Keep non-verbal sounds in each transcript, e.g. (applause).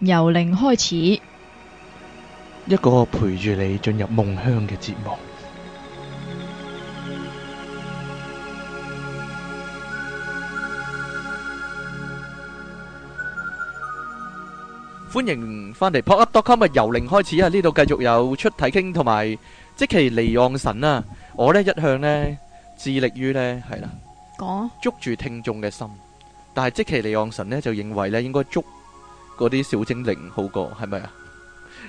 由零開始，一個陪住你進入夢鄉嘅節目。歡迎翻嚟 popup.com 嘅由零開始啊！呢度繼續有出體傾同埋即其離讓神啊！我呢一向呢致力於呢係啦，講捉住聽眾嘅心。但係即其離讓神呢就認為呢應該捉。嗰啲小精靈好過，係咪啊？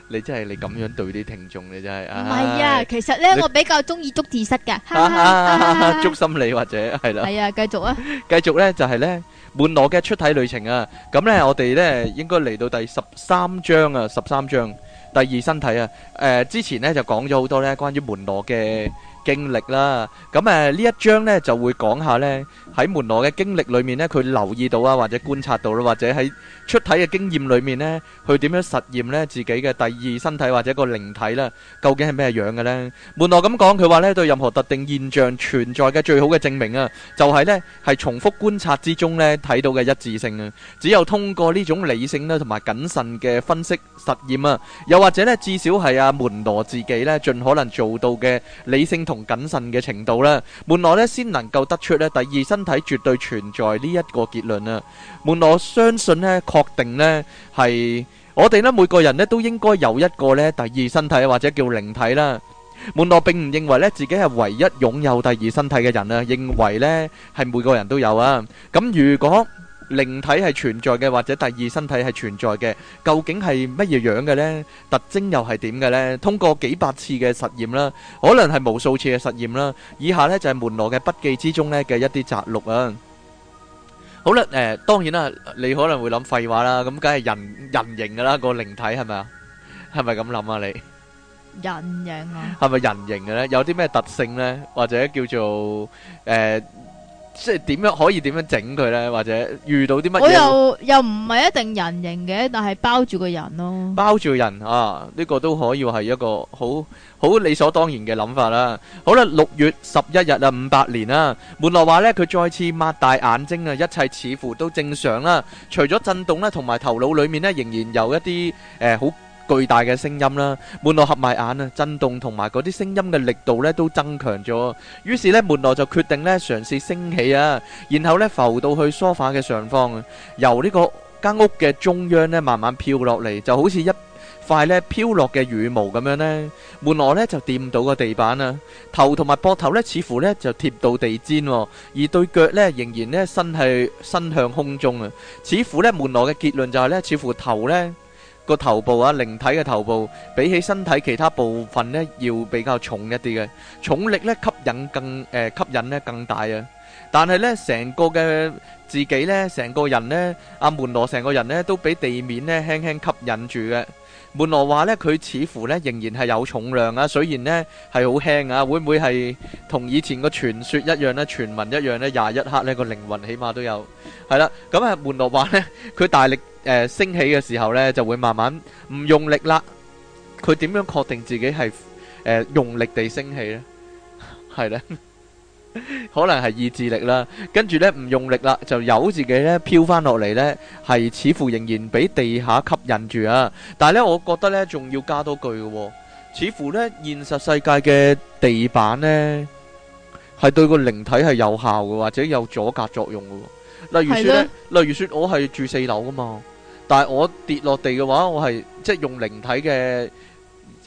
你真係你咁樣對啲聽眾，你真係唔係啊！其實咧，我比較中意捉字蝨嘅，捉心理或者係啦。係啊，繼續啊！繼續咧就係咧，門羅嘅出體旅程啊！咁咧我哋咧應該嚟到第十三章啊，十三章第二身體啊。誒，之前咧就講咗好多咧關於門羅嘅。經歷啦，咁誒呢一章咧就會講下咧喺門羅嘅經歷裏面咧，佢留意到啊或者觀察到啦，或者喺出體嘅經驗裏面咧，佢點樣實驗咧自己嘅第二身體或者個靈體啦，究竟係咩樣嘅咧？門羅咁講，佢話咧對任何特定現象存在嘅最好嘅證明啊，就係咧係重複觀察之中咧睇到嘅一致性啊，只有通過呢種理性咧同埋謹慎嘅分析實驗啊，又或者咧至少係阿門羅自己咧盡可能做到嘅理性同。謹慎嘅程度咧，門羅咧先能夠得出咧第二身體絕對存在呢一個結論啊！門羅相信咧，確定咧係我哋咧每個人咧都應該有一個咧第二身體或者叫靈體啦。門羅並唔認為咧自己係唯一擁有第二身體嘅人啊，認為咧係每個人都有啊。咁如果靈體係存在嘅，或者第二身體係存在嘅，究竟係乜嘢樣嘅呢？特徵又係點嘅呢？通過幾百次嘅實驗啦，可能係無數次嘅實驗啦。以下呢就係門羅嘅筆記之中呢嘅一啲摘錄啊。好啦，誒，當然啦，你可能會諗廢話啦，咁梗係人人形㗎啦，個靈體係咪啊？係咪咁諗啊？你人形啊？係咪人形嘅呢？有啲咩特性呢？或者叫做誒？即係點樣可以點樣整佢咧？或者遇到啲乜嘢？我又又唔係一定人形嘅，但係包住個人咯。包住人啊！呢個都可以係一個好好理所當然嘅諗法啦。好啦，六月十一日啊，五八年啦。門羅話咧，佢再次擘大眼睛啊，一切似乎都正常啦，除咗震動啦，同埋頭腦裏面咧仍然有一啲誒好。巨大嘅聲音啦，門羅合埋眼啊，震動同埋嗰啲聲音嘅力度咧都增強咗。於是咧，門羅就決定咧嘗試升起啊，然後咧浮到去梳化嘅上方，由呢個間屋嘅中央咧慢慢飄落嚟，就好似一塊咧飄落嘅羽毛咁樣咧。門羅咧就掂到個地板啦，頭同埋膊頭咧似乎咧就貼到地氈，而對腳咧仍然咧伸去伸向空中啊，似乎咧門羅嘅結論就係咧，似乎頭咧。個頭部啊，靈體嘅頭部比起身體其他部分咧，要比較重一啲嘅，重力咧吸引更誒吸引咧更大啊！但係咧成個嘅自己咧，成個人咧，阿門羅成個人咧都俾地面咧輕輕吸引住嘅。門羅話咧，佢似乎咧仍然係有重量啊，雖然咧係好輕啊，會唔會係同以前個傳説一樣咧、傳聞一樣咧？廿一克咧個靈魂起碼都有，係啦，咁啊門羅話咧，佢大力。誒、呃，升起嘅時候呢，就會慢慢唔用力啦。佢點樣確定自己係誒、呃、用力地升起呢？係 (laughs) 咧是的， (laughs) 可能係意志力啦。跟住呢，唔用力啦，就由自己呢飄翻落嚟，呢係似乎仍然俾地下吸引住啊。但係呢，我覺得呢，仲要加多句嘅，、哦，似乎呢，現實世界嘅地板呢，係對個靈體係有效嘅，或者有阻隔作用嘅，、哦。例如說呢，的例如說我係住四樓噶嘛。但係我跌落地嘅話，我係即係用靈體嘅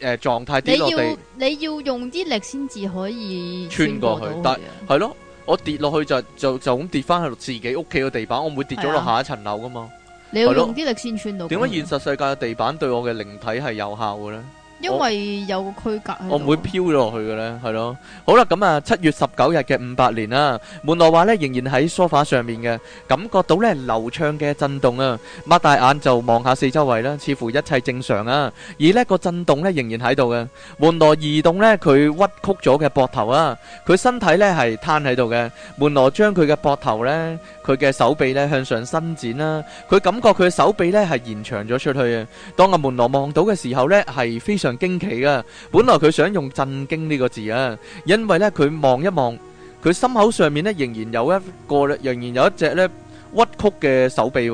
誒狀態跌落地。你要，你要用啲力先至可以穿過去。過去。但係係咯，我跌落去就就就咁跌翻去自己屋企嘅地板，我唔會跌咗落下一層樓噶嘛。係嘅，係嘅，你要用啲力先穿到。點解現實世界嘅地板對我嘅靈體係有效嘅咧？因為有個區隔，我唔會飄咗落去嘅咧，係咯。好啦，咁啊，七月十九日嘅五百年啦，門羅話咧，仍然喺梳化上面嘅，感覺到咧流暢嘅震動啊。擘大眼就望下四周圍啦，似乎一切正常啊。而呢個震動咧仍然喺度嘅。門羅移動咧，佢屈曲咗嘅膊頭啊，佢身體咧係攤喺度嘅。門羅將佢嘅膊頭咧，佢嘅手臂咧向上伸展啦，佢感覺佢嘅手臂咧係延長咗出去啊。當阿門羅望到嘅時候咧，係非常。驚奇啊！本來佢想用震驚呢個字啊，因為呢，佢望一望，佢心口上面呢，仍然有一個，仍然有一隻呢，屈曲嘅手臂。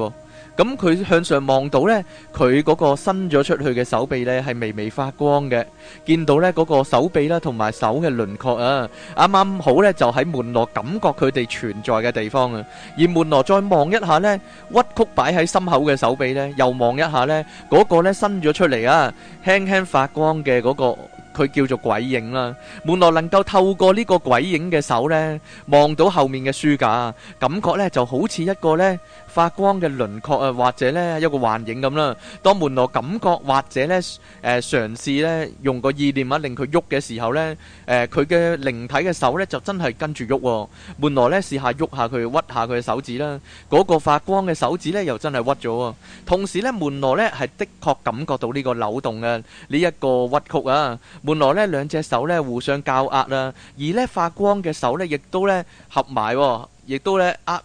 咁佢向上望到呢，佢嗰個伸咗出去嘅手臂呢，係微微發光嘅，見到呢嗰個手臂啦同埋手嘅輪廓啊，啱啱好呢，就喺門羅感覺佢哋存在嘅地方啊。而門羅再望一下呢，屈曲擺喺心口嘅手臂呢，又望一下呢嗰個呢，伸咗出嚟，啊，輕輕發光嘅嗰個，佢叫做鬼影啦。門羅能夠透過呢個鬼影嘅手呢，望到後面嘅書架，感覺呢就好似一個呢。發光嘅輪廓啊，或者咧一個幻影咁啦。當門羅感覺或者咧誒嘗試咧用個意念啊令佢喐嘅時候咧，誒佢嘅靈體嘅手咧就真係跟住喐。門羅咧試下喐下佢屈下佢嘅手指啦，嗰個發光嘅手指咧又真係屈咗。同時咧，門羅咧係的確感覺到呢個扭動嘅呢一個屈曲啊。門羅咧兩隻手咧互相交壓啦，而咧發光嘅手咧亦都咧合埋，亦都咧呃。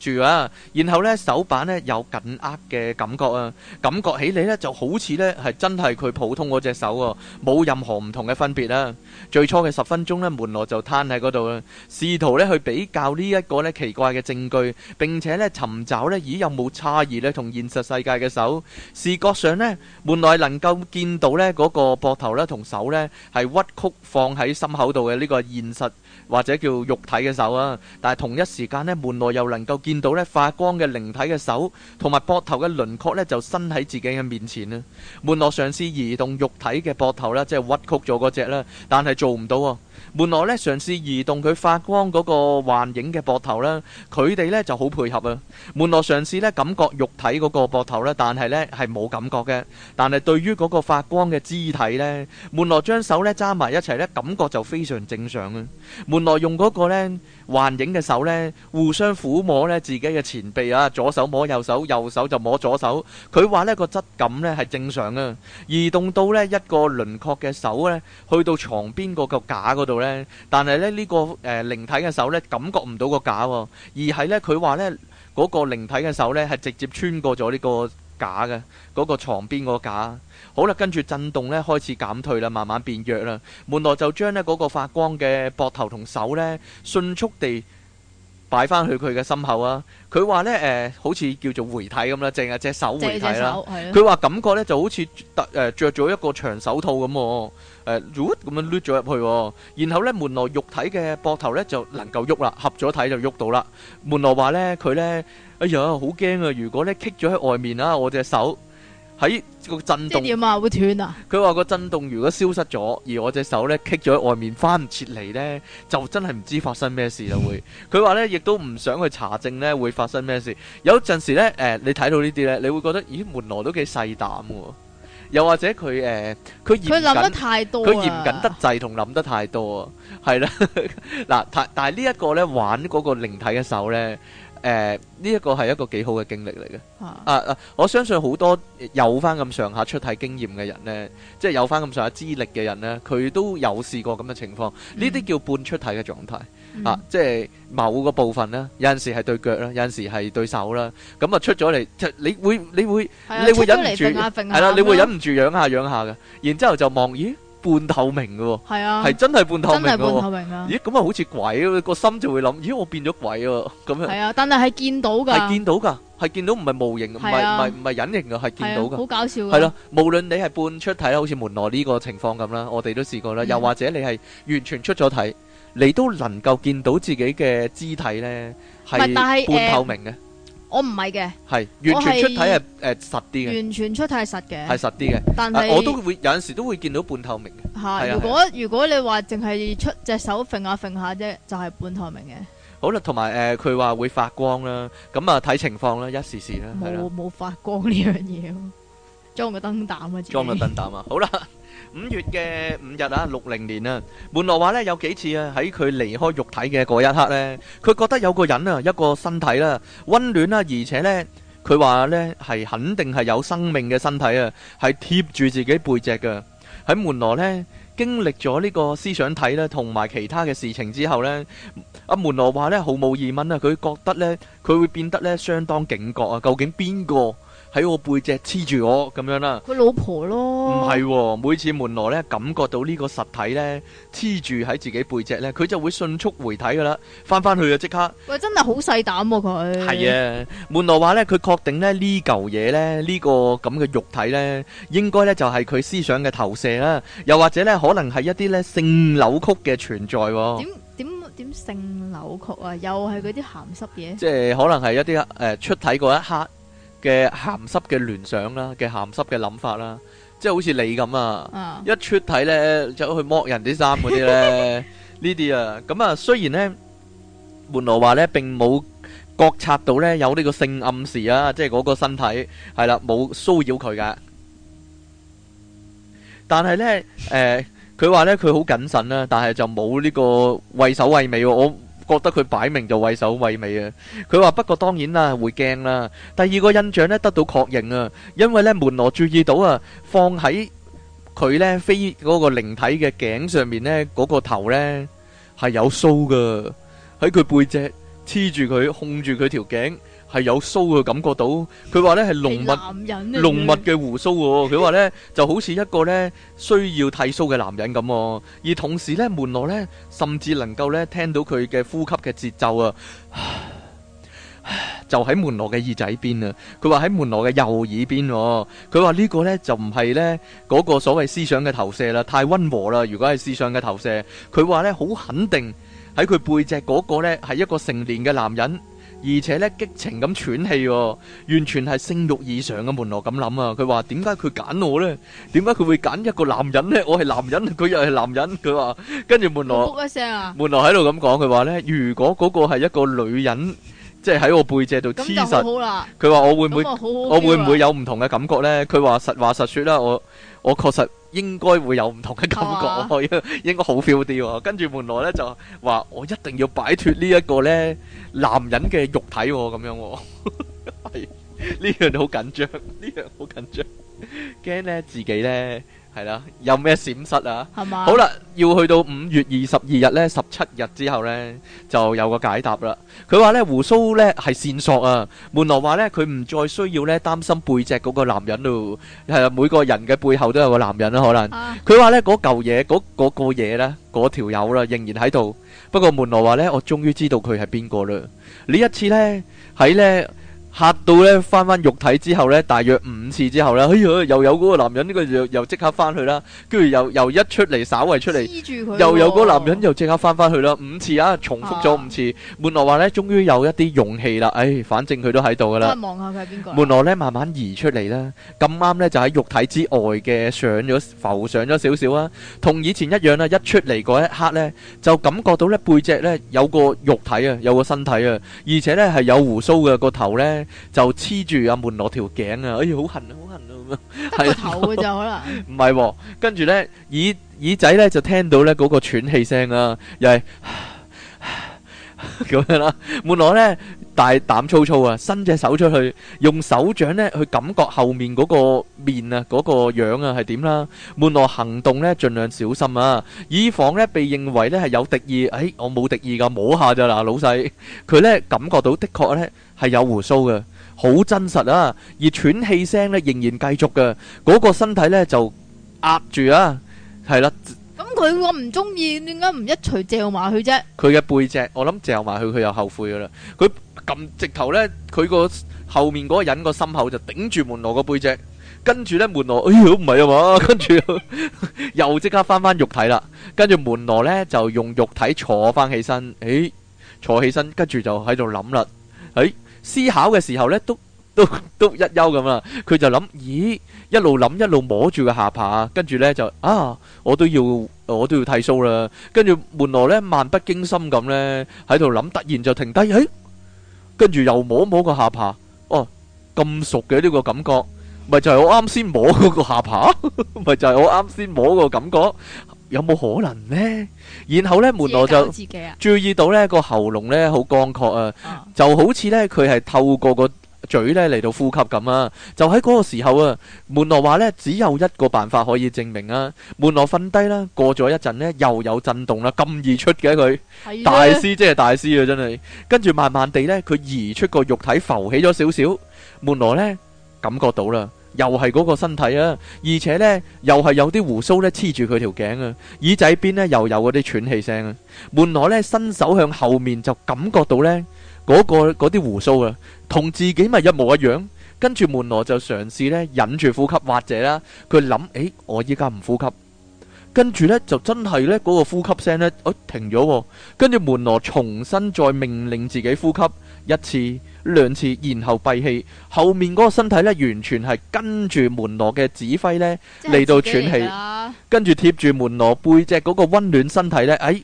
住，啊！然後咧手板咧有緊握嘅感覺啊，感覺起嚟咧就好似咧係真係佢普通嗰隻手喎，冇任何唔同嘅分別啦。最初嘅十分鐘咧，門羅就攤喺嗰度啦，試圖咧去比較呢一個咧奇怪嘅證據，並且咧尋找咧咦有冇差異咧同現實世界嘅手，視覺上咧，門羅係能夠見到咧嗰個膊頭咧同手咧係屈曲放喺心口度嘅呢個現實或者叫肉體嘅手啊，但係同一時間咧門羅又能夠見。見到咧發光嘅靈體嘅手同埋膊頭嘅輪廓咧，就伸喺自己嘅面前啦。門羅嘗試移動肉體嘅膊頭啦，即係屈曲咗嗰隻啦，但係做唔到啊。門羅咧嘗試移動佢發光嗰個幻影嘅膊頭啦，佢哋咧就好配合啊。門羅嘗試咧感覺肉體嗰個膊頭啦，但係咧係冇感覺嘅。但係對於嗰個發光嘅肢體咧，門羅將手咧揸埋一齊咧，感覺就非常正常啊。門羅用嗰個咧。幻影嘅手呢，互相撫摸呢自己嘅前臂啊，左手摸右手，右手就摸左手。佢話呢個質感呢係正常啊。移動到呢一個輪廓嘅手呢去到床邊個架嗰度呢，但係呢呢個誒、呃、靈體嘅手呢感覺唔到個架喎、哦，而係呢，佢話呢嗰、那個靈體嘅手呢係直接穿過咗呢、這個。假嘅嗰、那個牀邊個架，好啦，跟住震動咧開始減退啦，慢慢變弱啦，門羅就將呢嗰、那個發光嘅膊頭同手咧，迅速地，擺翻去佢嘅心口啊！佢話咧誒，好似叫做回體咁啦，淨係隻手回體啦。佢話感覺咧就好似特誒著咗一個長手套咁，誒、呃、咁樣捋咗入去。然後咧門羅肉體嘅膊頭咧就能夠喐啦，合咗體就喐到啦。門羅話咧佢咧，哎呀好驚啊！如果咧棘咗喺外面啊，我隻手。喺個震動點啊，會斷啊！佢話個震動如果消失咗，而我隻手咧棘咗喺外面翻唔切嚟咧，就真係唔知發生咩事就會。佢話咧，亦都唔想去查證咧會發生咩事。有陣時咧，誒，你睇到呢啲咧，你會覺得咦，門羅都幾細膽噶，又或者佢誒，佢諗得太多，佢嚴謹得滯同諗得太多啊，係啦，嗱，但但係呢一個咧玩嗰個靈體嘅手咧。誒，呢一個係一個幾好嘅經歷嚟嘅，啊啊！我相信好多有翻咁上下出體經驗嘅人咧，即係有翻咁上下資歷嘅人咧，佢都有試過咁嘅情況。呢啲叫半出體嘅狀態啊，即係某個部分咧，有陣時係對腳啦，有陣時係對手啦，咁啊出咗嚟，就你會你會你會忍唔住，係啦，你會忍唔住癢下癢下嘅，然之後就望，咦。半透明嘅喎，係啊，係真係半透明嘅喎。咦，咁啊，好似鬼，個心就會諗，咦，我變咗鬼啊，咁樣。係啊，但係係見到噶，係見到噶，係見到唔係模型，唔係唔係唔係隱形嘅，係見到噶。好搞笑。係咯，無論你係半出體啦，好似門羅呢個情況咁啦，我哋都試過啦。又或者你係完全出咗體，你都能夠見到自己嘅肢體咧，係半透明嘅。我唔係嘅，係完全出體係誒實啲嘅，完全出體係實嘅，係實啲嘅。但係我都會有陣時都會見到半透明嘅。係啊，如果如果你話淨係出隻手揈下揈下啫，就係半透明嘅。好啦，同埋誒佢話會發光啦，咁啊睇情況啦，一時時啦。冇，冇發光呢樣嘢，裝個燈膽啊，裝個燈膽啊。好啦。五月嘅五日啊，六零年啊，門羅話呢，有幾次啊，喺佢離開肉體嘅嗰一刻呢，佢覺得有個人啊，一個身體啦，啊，溫暖啦，啊，而且呢，佢話呢，係肯定係有生命嘅身體啊，係貼住自己背脊嘅。喺門羅呢，經歷咗呢個思想體呢，同埋其他嘅事情之後呢，阿門羅話呢，毫無疑問啊，佢覺得呢，佢會變得呢，相當警覺啊，究竟邊個？喺我背脊黐住我咁樣啦，佢老婆咯，唔係，每次門羅咧感覺到呢個實體咧黐住喺自己背脊咧，佢就會迅速回體噶啦，翻翻去啊即刻。喂、欸，真係好細膽佢。係啊，門羅話咧，佢確定咧呢舊嘢咧呢、這個咁嘅肉體咧，應該咧就係、是、佢思想嘅投射啦，又或者咧可能係一啲咧性扭曲嘅存在、啊。點點點性扭曲啊？又係嗰啲鹹濕嘢？即係可能係一啲誒、呃、出體嗰一刻。嘅咸濕嘅聯想啦，嘅咸濕嘅諗法啦，即係好似你咁啊，一出體咧就去剝人啲衫嗰啲咧，呢啲啊，咁啊雖然咧，門羅話咧並冇覺察到咧有呢個性暗示啊，即係嗰個身體係啦，冇騷擾佢噶，但係咧，誒，佢話咧佢好謹慎啦，但係就冇呢個畏首畏尾喎。覺得佢擺明就畏首畏尾啊！佢話，不過當然啦，會驚啦。第二個印象咧，得到確認啊，因為咧門羅注意到啊，放喺佢咧，飛嗰個靈體嘅頸上面咧，嗰個頭咧係有鬚噶，喺佢背脊黐住佢，控住佢條頸。係有鬚嘅，感覺到，佢話呢係濃密濃密嘅鬍鬚喎，佢話呢就好似一個呢需要剃鬚嘅男人咁喎，而同時呢門羅呢甚至能夠呢聽到佢嘅呼吸嘅節奏啊，就喺門羅嘅耳仔邊啊，佢話喺門羅嘅右耳邊，佢話呢個呢就唔係呢嗰個所謂思想嘅投射啦，太溫和啦，如果係思想嘅投射，佢話呢好肯定喺佢背脊嗰個呢係一個成年嘅男人。而且咧激情咁喘氣、哦，完全係性欲異常嘅，門羅咁諗啊！佢話點解佢揀我呢？點解佢會揀一個男人呢？我係男人，佢又係男人，佢話跟住門羅，哭哭一聲啊、門羅喺度咁講，佢話呢，如果嗰個係一個女人。即係喺我背脊度黐實，佢話我會唔會，我會唔會有唔同嘅感覺呢？佢話實話實說啦，我我確實應該會有唔同嘅感覺，啊、 (laughs) 應該好 feel 啲。跟住門羅呢，就話我一定要擺脫呢一個咧男人嘅肉體咁、哦、樣、哦，係 (laughs) 呢樣好緊張，呢樣好緊張，驚呢自己呢。係啦，有咩閃失啊？係嘛，好啦，要去到五月二十二日咧，十七日之後咧就有個解答啦。佢話咧鬍鬚咧係線索啊。門羅話咧佢唔再需要咧擔心背脊嗰個男人咯。係啊，每個人嘅背後都有個男人啦，可能。佢話咧嗰嚿嘢，嗰嗰個嘢咧嗰條友啦仍然喺度。不過門羅話咧我終於知道佢係邊個啦。呢一次咧喺咧。吓到咧，翻翻肉體之後咧，大約五次之後咧，哎呦，又有嗰個男人呢個又又即刻翻去啦，跟住又又一出嚟，稍為出嚟，黐住佢，又有嗰個男人又即刻翻翻去啦，五次啊，重複咗五次。門羅話咧，終於有一啲勇氣啦，唉，反正佢都喺度噶啦，望下佢係邊個。門羅咧慢慢移出嚟啦，咁啱咧就喺肉體之外嘅上咗浮上咗少少啊，同以前一樣啦，一出嚟嗰一刻咧，就感覺到咧背脊咧有個肉體啊，有個身體啊，而且咧係有鬍鬚嘅個頭咧。就黐住阿門落條頸啊！哎呀，好痕啊，好痕啊咁樣，係個頭嘅就可能唔係，跟住咧耳耳仔咧就聽到咧嗰個喘氣聲啦，又係。咁樣啦，門羅咧大膽粗粗啊，伸隻手出去，用手掌咧去感覺後面嗰個面啊，嗰個樣啊係點啦，門羅行動咧盡量小心啊，以防咧被認為咧係有敵意，誒我冇敵意噶，摸下咋啦老細，佢咧感覺到的確咧係有胡鬚嘅，好真實啊，而喘氣聲咧仍然繼續嘅，嗰個身體咧就壓住啊，係啦。咁佢我唔中意，點解唔一錘掟埋佢啫？佢嘅背脊，我諗掟埋佢，佢又後悔噶啦。佢撳直頭咧，佢個後面嗰個人個心口就頂住門羅個背脊，跟住咧門羅哎喲唔係啊嘛，跟住 (laughs) 又即刻翻翻肉體啦。跟住門羅咧就用肉體坐翻起身，誒、哎、坐起身，跟住就喺度諗啦，喺、哎、思考嘅時候咧都。都都一休咁啦，佢就諗，咦，一路諗一路摸住個下巴，跟住咧就啊，我都要我都要剃鬚啦。跟住門羅咧，漫不經心咁咧喺度諗，突然就停低，哎，跟住又摸一摸個下巴，哦，咁熟嘅呢個感覺，咪就係我啱先摸嗰個下巴，咪就係我啱先摸個感覺，有冇可能咧？然後咧，門羅就注意到咧個喉嚨咧好乾涸啊，就好似咧佢係透過個。嘴咧嚟到呼吸咁啊！就喺嗰個時候啊，門羅話咧只有一個辦法可以證明啊。門羅瞓低啦，過咗一陣咧，又有震動啦，咁易出嘅佢，大師即係大師啊，真係。跟住慢慢地咧，佢移出個肉體浮起咗少少，門羅咧感覺到啦，又係嗰個身體啊，而且咧又係有啲鬍鬚咧黐住佢條頸啊，耳仔邊咧又有嗰啲喘氣聲啊，門羅咧伸手向後面就感覺到咧。嗰個嗰啲鬍鬚啊，同自己咪一模一樣。跟住門羅就嘗試咧忍住呼吸，或者啦，佢諗：誒，我依家唔呼吸。跟住咧就真係咧嗰個呼吸聲咧，誒，停咗。跟住門羅重新再命令自己呼吸一次、兩次，然後閉氣。後面嗰個身體咧，完全係跟住門羅嘅指揮咧嚟到喘氣，跟住貼住門羅背脊嗰個溫暖身體咧，誒。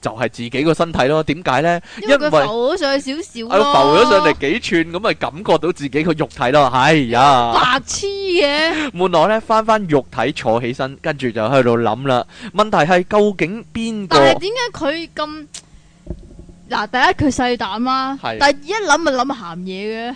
就係自己個身體咯，點解咧？因為，因為佢浮咗上去少少、啊，浮咗上嚟幾寸咁，咪感覺到自己個肉體咯。啊、哎呀，白痴嘅！門羅咧，翻翻肉體坐起身，跟住就喺度諗啦。問題係究竟邊度？但係點解佢咁嗱？第一佢細膽啦，啊、的第二一諗咪諗鹹嘢嘅。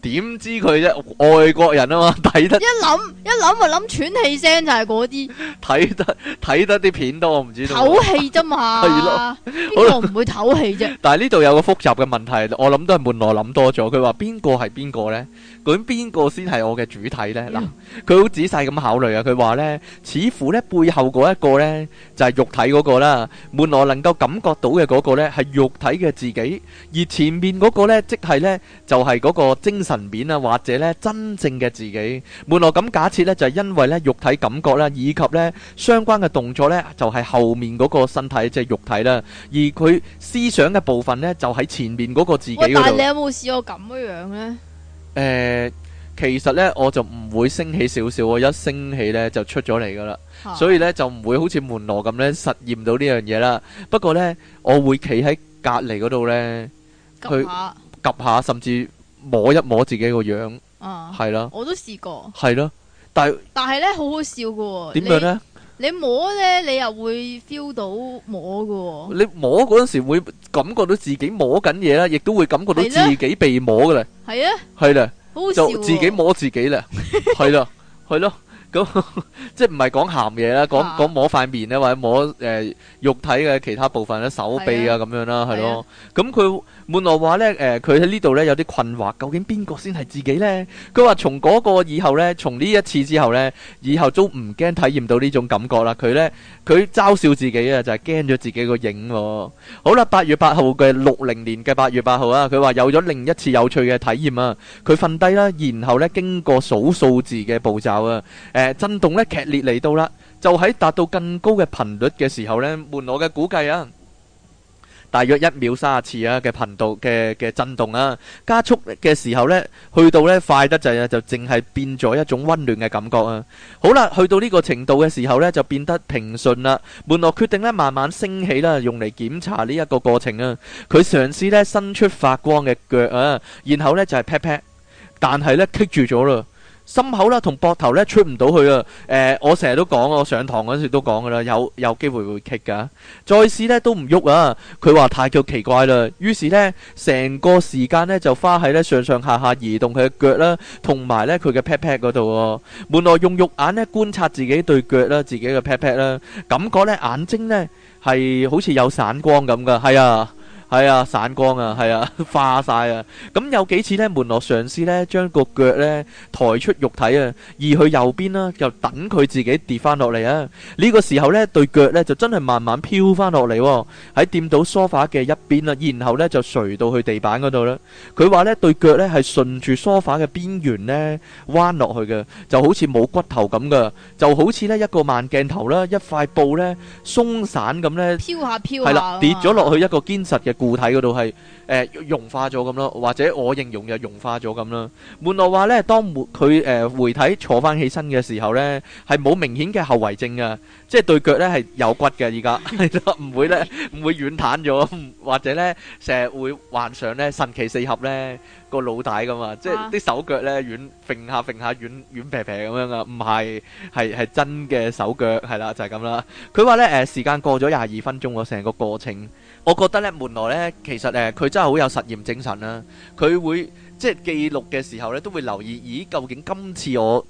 點知佢啫？外國人啊嘛，睇得一諗一諗咪諗喘氣聲就係嗰啲睇得睇得啲片，都我唔知道唞氣啫嘛？係咯，邊個唔會唞氣啫？ (laughs) 但係呢度有個複雜嘅問題，我諗都係門羅諗多咗。佢話，邊個係邊個咧？咁邊個先係我嘅主體咧？嗱，佢好仔細咁考慮啊。佢話咧，似乎咧背後嗰一個咧就係肉體嗰個啦。門羅能夠感覺到嘅嗰個咧係肉體嘅自己，而前面嗰個咧即係咧就係嗰個精神面啊，或者咧真正嘅自己。門羅咁假設咧就係因為咧肉體感覺啦，以及咧相關嘅動作咧就係後面嗰個身體即係肉體啦，而佢思想嘅部分咧就喺前面嗰個自己嗰度。但係你有冇試過咁嘅樣咧？誒、呃，其實呢，我就唔會升起少少，我一升起呢，就出咗嚟噶啦，啊、所以呢，就唔會好似門羅咁呢實驗到呢樣嘢啦。不過呢，我會企喺隔籬嗰度呢，𥁸 下去 𥁸 下甚至摸一摸自己個樣，係、啊、啦，我都試過，係咯，但係但係呢好好笑嘅、哦，點樣呢？你摸咧，你又會 feel 到摸嘅喎、哦。你摸嗰陣時會感覺到自己摸緊嘢啦，亦都會感覺到自己被摸嘅啦。係啊的，係啦的，就自己摸自己啦，係啦， (laughs) 係咯。咁 (laughs) 即係唔係講鹹嘢啦，講講摸塊面咧，或者摸誒、呃、肉體嘅其他部分咧，手臂啊咁的樣啦，係咯。咁佢的。門羅話咧，誒、呃，佢喺呢度咧有啲困惑，究竟邊個先係自己呢？佢話從嗰個以後呢，從呢一次之後呢，以後都唔驚體驗到呢種感覺啦。佢呢，佢嘲笑自己啊，就係驚咗自己個影、哦。好啦，八月八號嘅六零年嘅八月八號啊，佢話有咗另一次有趣嘅體驗啊。佢瞓低啦，然後呢，經過數數字嘅步驟啊，誒、呃，震動咧劇烈嚟到啦，就喺達到更高嘅頻率嘅時候呢，門羅嘅估計啊。大約一秒三十次啊嘅頻度嘅嘅振動啊，加速嘅時候呢，去到呢快得滯啊，就淨係變咗一種溫暖嘅感覺啊。好啦，去到呢個程度嘅時候呢，就變得平順啦。門羅決定呢，慢慢升起啦，用嚟檢查呢一個過程啊。佢嘗試呢，伸出發光嘅腳啊，然後呢，就係劈劈，但係呢，棘住咗啦。心口啦，同膊頭咧出唔到去啊！誒，我成日都講，我上堂嗰時都講噶啦，有有機會會棘噶。再試咧都唔喐啊！佢話對腳奇怪啦，於是咧成個時間咧就花喺咧上上下下移動佢嘅腳啦，同埋咧佢嘅 pat pat 嗰度喎。門羅用肉眼咧觀察自己對腳啦，自己嘅 pat pat 啦，感覺咧眼睛咧係好似有散光咁噶，係啊。係啊，散光啊，係啊，化晒啊。咁、嗯、有幾次呢，門羅上司呢將個腳呢抬出肉體啊，移去右邊啦、啊，就等佢自己跌翻落嚟啊。呢、這個時候呢，對腳呢就真係慢慢飄翻落嚟喎，喺掂到梳化嘅一邊啦、啊，然後呢就垂到去地板嗰度啦。佢話呢對腳呢係順住梳化嘅邊緣呢彎落去嘅，就好似冇骨頭咁㗎，就好似呢一個慢鏡頭啦，一塊布呢鬆散咁呢，漂係啦，跌咗落去一個堅實嘅。固體嗰度係誒融化咗咁咯，或者我形容又融化咗咁啦。門羅話咧，當佢誒、呃、回體坐翻起身嘅時候咧，係冇明顯嘅後遺症嘅，即係對腳咧係有骨嘅而家，唔 (laughs) (laughs) 會咧唔會軟攤咗，或者咧成日會幻想咧神奇四合咧個腦袋噶嘛，即係啲手腳咧軟揈下揈下軟軟撇撇咁樣啊，唔係係係真嘅手腳，係啦就係咁啦。佢話咧誒時間過咗廿二分鐘喎，成個過程。我覺得咧，門羅咧，其實誒，佢真係好有實驗精神啦、啊。佢會即係記錄嘅時候咧，都會留意，咦，究竟今次我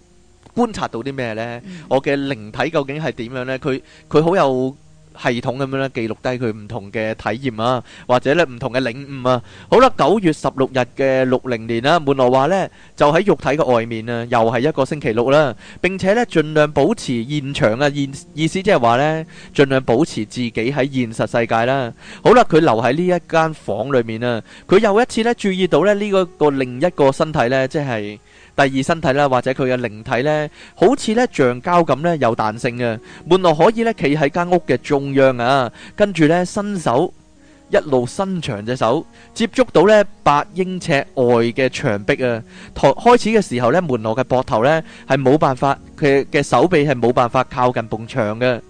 觀察到啲咩呢？嗯、我嘅靈體究竟係點樣呢？佢佢好有系統咁樣咧，記錄低佢唔同嘅體驗啊，或者咧唔同嘅領悟啊。好啦，九月十六日嘅六零年啦，門羅話呢就喺肉體嘅外面啊，又係一個星期六啦，並且呢，盡量保持現場啊，現意思即係話呢，盡量保持自己喺現實世界啦。好啦，佢留喺呢一間房裏面啊，佢又一次呢，注意到咧呢個另一個身體呢，即係。第二身體咧，或者佢嘅靈體咧，好似咧橡膠咁咧，有彈性嘅。門羅可以咧企喺間屋嘅中央啊，跟住咧伸手一路伸長隻手，接觸到咧八英尺外嘅牆壁啊。台開始嘅時候咧，門羅嘅膊頭咧係冇辦法，佢嘅手臂係冇辦法靠近埲牆嘅。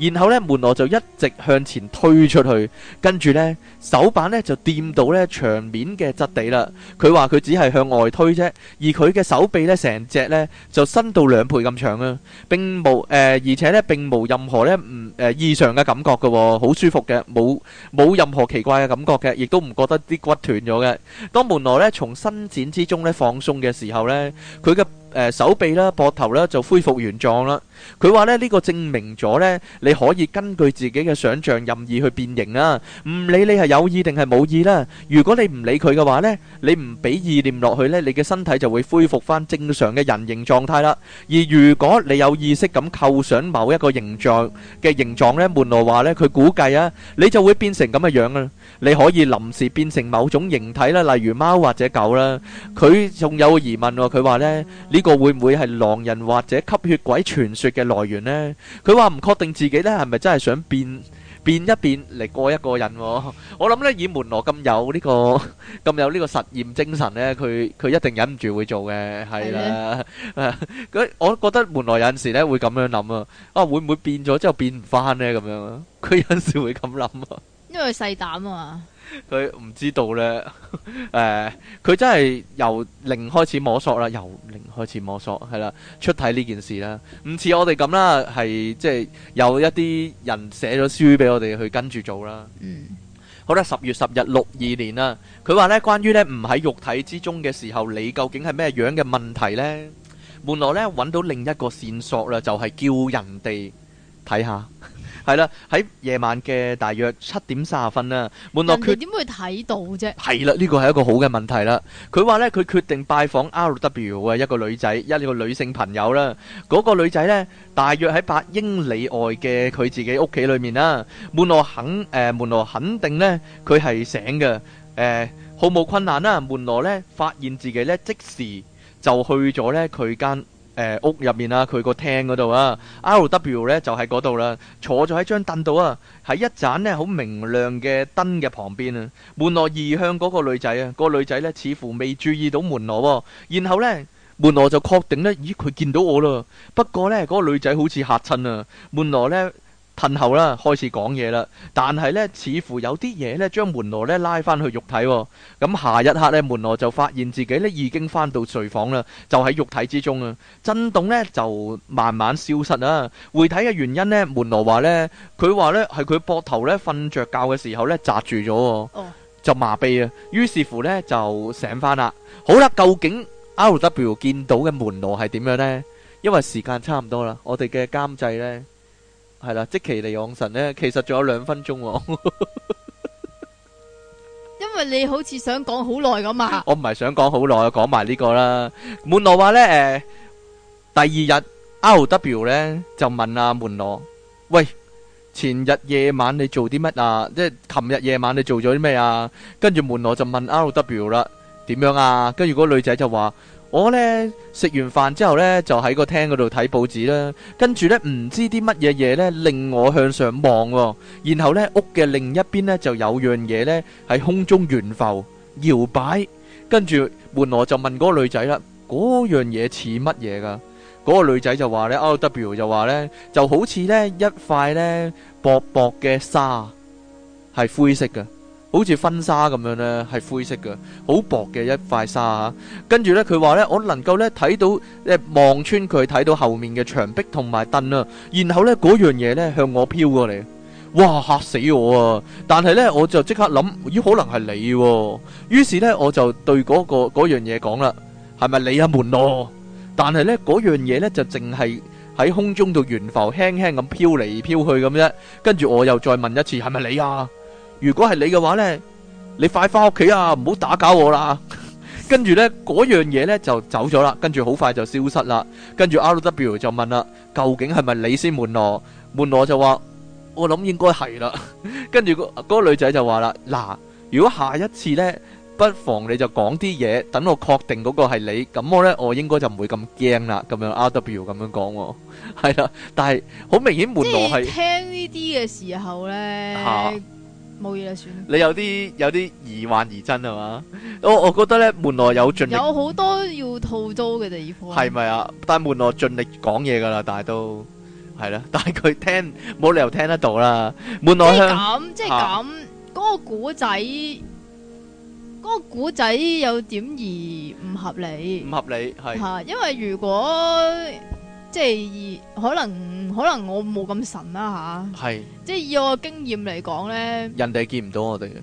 然後呢，門羅就一直向前推出去，跟住呢，手板呢就掂到呢牆面嘅質地啦。佢話佢只係向外推啫，而佢嘅手臂呢成隻呢就伸到兩倍咁長啊，並冇誒，而且呢並冇任何呢唔誒異常嘅感覺嘅，好舒服嘅，冇冇任何奇怪嘅感覺嘅，亦都唔覺得啲骨斷咗嘅。當門羅呢從伸展之中呢放鬆嘅時候呢，佢嘅誒手臂啦、膊頭啦就恢復原狀啦。佢話咧呢個證明咗咧，你可以根據自己嘅想象任意去變形啦，唔理你係有意定係冇意啦。如果你唔理佢嘅話咧，你唔俾意念落去咧，你嘅身體就會恢復翻正常嘅人形狀態啦。而如果你有意識咁構想某一個形象嘅形狀咧，門羅話咧，佢估計啊，你就會變成咁嘅樣啊。你可以臨時變成某種形體啦，例如貓或者狗啦。佢仲有個疑問喎，佢話咧呢個會唔會係狼人或者吸血鬼傳說嘅來源咧，佢話唔確定自己咧係咪真係想變變一變嚟過一個人，哦。我諗呢以門羅咁有呢、呢個咁 (laughs) 有呢個實驗精神呢，佢佢一定忍唔住會做嘅，係啦。 (laughs) 我覺得門羅有陣時咧會咁樣諗，哦、啊，啊會唔會變咗之後變唔翻咧？咁樣佢有陣時會咁諗啊。因為佢細膽啊嘛，佢唔知道咧，誒，佢真係由零開始摸索啦，由零開始摸索係啦， (noise) 出體呢件事啦，唔似我哋咁啦，係即係有一啲人寫咗書俾我哋去跟住做啦。嗯，好啦，十月十日六二年啦，佢話咧關於咧唔喺肉體之中嘅時候，你究竟係咩樣嘅問題咧？門羅咧揾到另一個線索啦，就係叫人哋睇下。係啦，喺夜晚嘅大約七點三十分啦。門羅佢點會睇到啫？係啦，呢個係一個好嘅問題啦。佢話呢，佢決定拜訪 R.W. 嘅一個女仔，一個女性朋友啦。嗰、那個女仔呢，大約喺八英里外嘅佢自己屋企裏面啦。門羅肯誒、呃，門羅肯定呢，佢係醒嘅誒、呃，毫無困難啦。門羅呢，發現自己呢，即時就去咗呢，佢間，呃、屋入面啦、啊，佢個廳嗰度啊 RW 呢就喺嗰度啦，坐咗喺張凳度啊，喺一盞呢好明亮嘅燈嘅旁邊啊，門羅移向嗰個女仔啊，嗰個女仔呢似乎未注意到門羅、哦，然後呢，門羅就確定呢，咦佢見到我啦，不過呢，嗰、嗰個女仔好似吓親啊，門羅呢。褪後啦，開始講嘢啦，但係呢，似乎有啲嘢呢將門羅呢拉翻去肉體、哦。咁、嗯、下一刻呢，門羅就發現自己呢已經翻到睡房啦，就喺肉體之中啊。震動呢就慢慢消失啦。回體嘅原因呢，門羅話呢，佢話呢係佢膊頭呢瞓着覺嘅時候呢扎住咗、哦，oh. 就麻痹啊。於是乎呢，就醒翻啦。好啦，究竟 rw 見到嘅門羅係點樣呢？因為時間差唔多啦，我哋嘅監製呢。係啦，即其嚟養神咧，其實仲有兩分鐘。因為你好似想講好耐咁嘛！我唔係想講好耐，講埋呢個啦。門羅話咧，誒，第二日 R W 咧就問阿門羅，喂，前日夜晚你做啲乜啊？即係琴日夜晚你做咗啲咩啊？跟住門羅就問 R W 啦，點樣啊？跟住嗰個女仔就話。我呢食完飯之後呢就喺個廳嗰度睇報紙啦，跟住呢唔知啲乜嘢嘢呢令我向上望喎，然後呢屋嘅另一邊呢就有樣嘢呢喺空中懸浮搖擺，跟住門羅就問嗰個女仔啦，嗰樣嘢似乜嘢噶？嗰個女仔就話呢，O W 就話呢就好似呢一塊呢薄薄嘅沙，係灰色嘅。好似婚紗咁樣呢，係灰色嘅，好薄嘅一塊紗吓。跟住呢，佢話呢，我能夠呢睇到，即係望穿佢睇到後面嘅牆壁同埋燈啦。然後呢，嗰樣嘢呢向我飄過嚟，哇嚇死我啊！但係呢，我就即刻諗，咦，可能係你啊？於是呢，我就對嗰個嗰樣嘢講啦，係咪你啊門羅？但係呢，嗰樣嘢呢，就淨係喺空中度懸浮，輕輕咁飄嚟飄去咁啫。跟住我又再問一次，係咪你啊？如果係你嘅話呢，你快返屋企啊！唔好打攪我啦。跟 (laughs) 住呢，嗰樣嘢呢就走咗啦。跟住好快就消失啦。跟住 R W 就問啦，究竟係咪你先門羅？門羅就話，我諗應該係啦。跟住個嗰個女仔就話啦，嗱，如果下一次呢，不妨你就講啲嘢，等我確定嗰個係你，咁我呢，我應該就唔會咁驚啦。咁樣 R W 咁樣講喎，係 (laughs) 啦。但係好明顯門羅係聽呢啲嘅時候咧，啊。冇嘢啦，算。你有啲有啲疑幻疑真係嘛？我、哦、我覺得咧，門羅有盡力，有好多要吐槽嘅地方。係咪啊？但係門羅盡力講嘢噶啦，但係都係啦、啊。但係佢聽冇理由聽得到啦。門羅向即係咁，即係咁嗰個古仔，嗰、那個古仔有點而唔合理。唔合理係吓，因為如果。即係可能可能我冇咁神啦、啊、吓，係、啊、是即係以我經驗嚟講咧，人哋見唔到我哋嘅，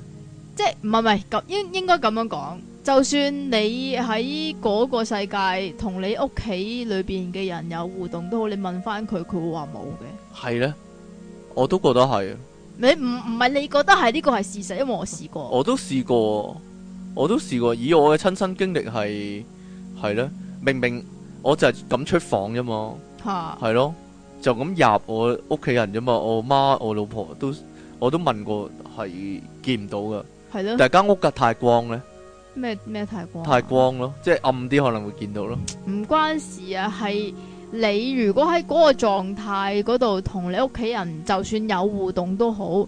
即係唔係唔係咁應該應該咁樣講，就算你喺嗰個世界同你屋企裏邊嘅人有互動都好，你問翻佢，佢會話冇嘅，係咧，我都覺得係，你唔唔係你覺得係呢個係事實，因為我試過，過，我都試過，我都試過，以我嘅親身經歷係係咧，明明。我就係咁出房啫嘛，係咯，就咁入我屋企人啫嘛，我媽我老婆都我都問過係見唔到噶，係咯，但係間屋隔太光咧，咩咩太光，太光咯，即係暗啲可能會見到咯，唔關事啊，係你如果喺嗰個狀態嗰度同你屋企人就算有互動都好，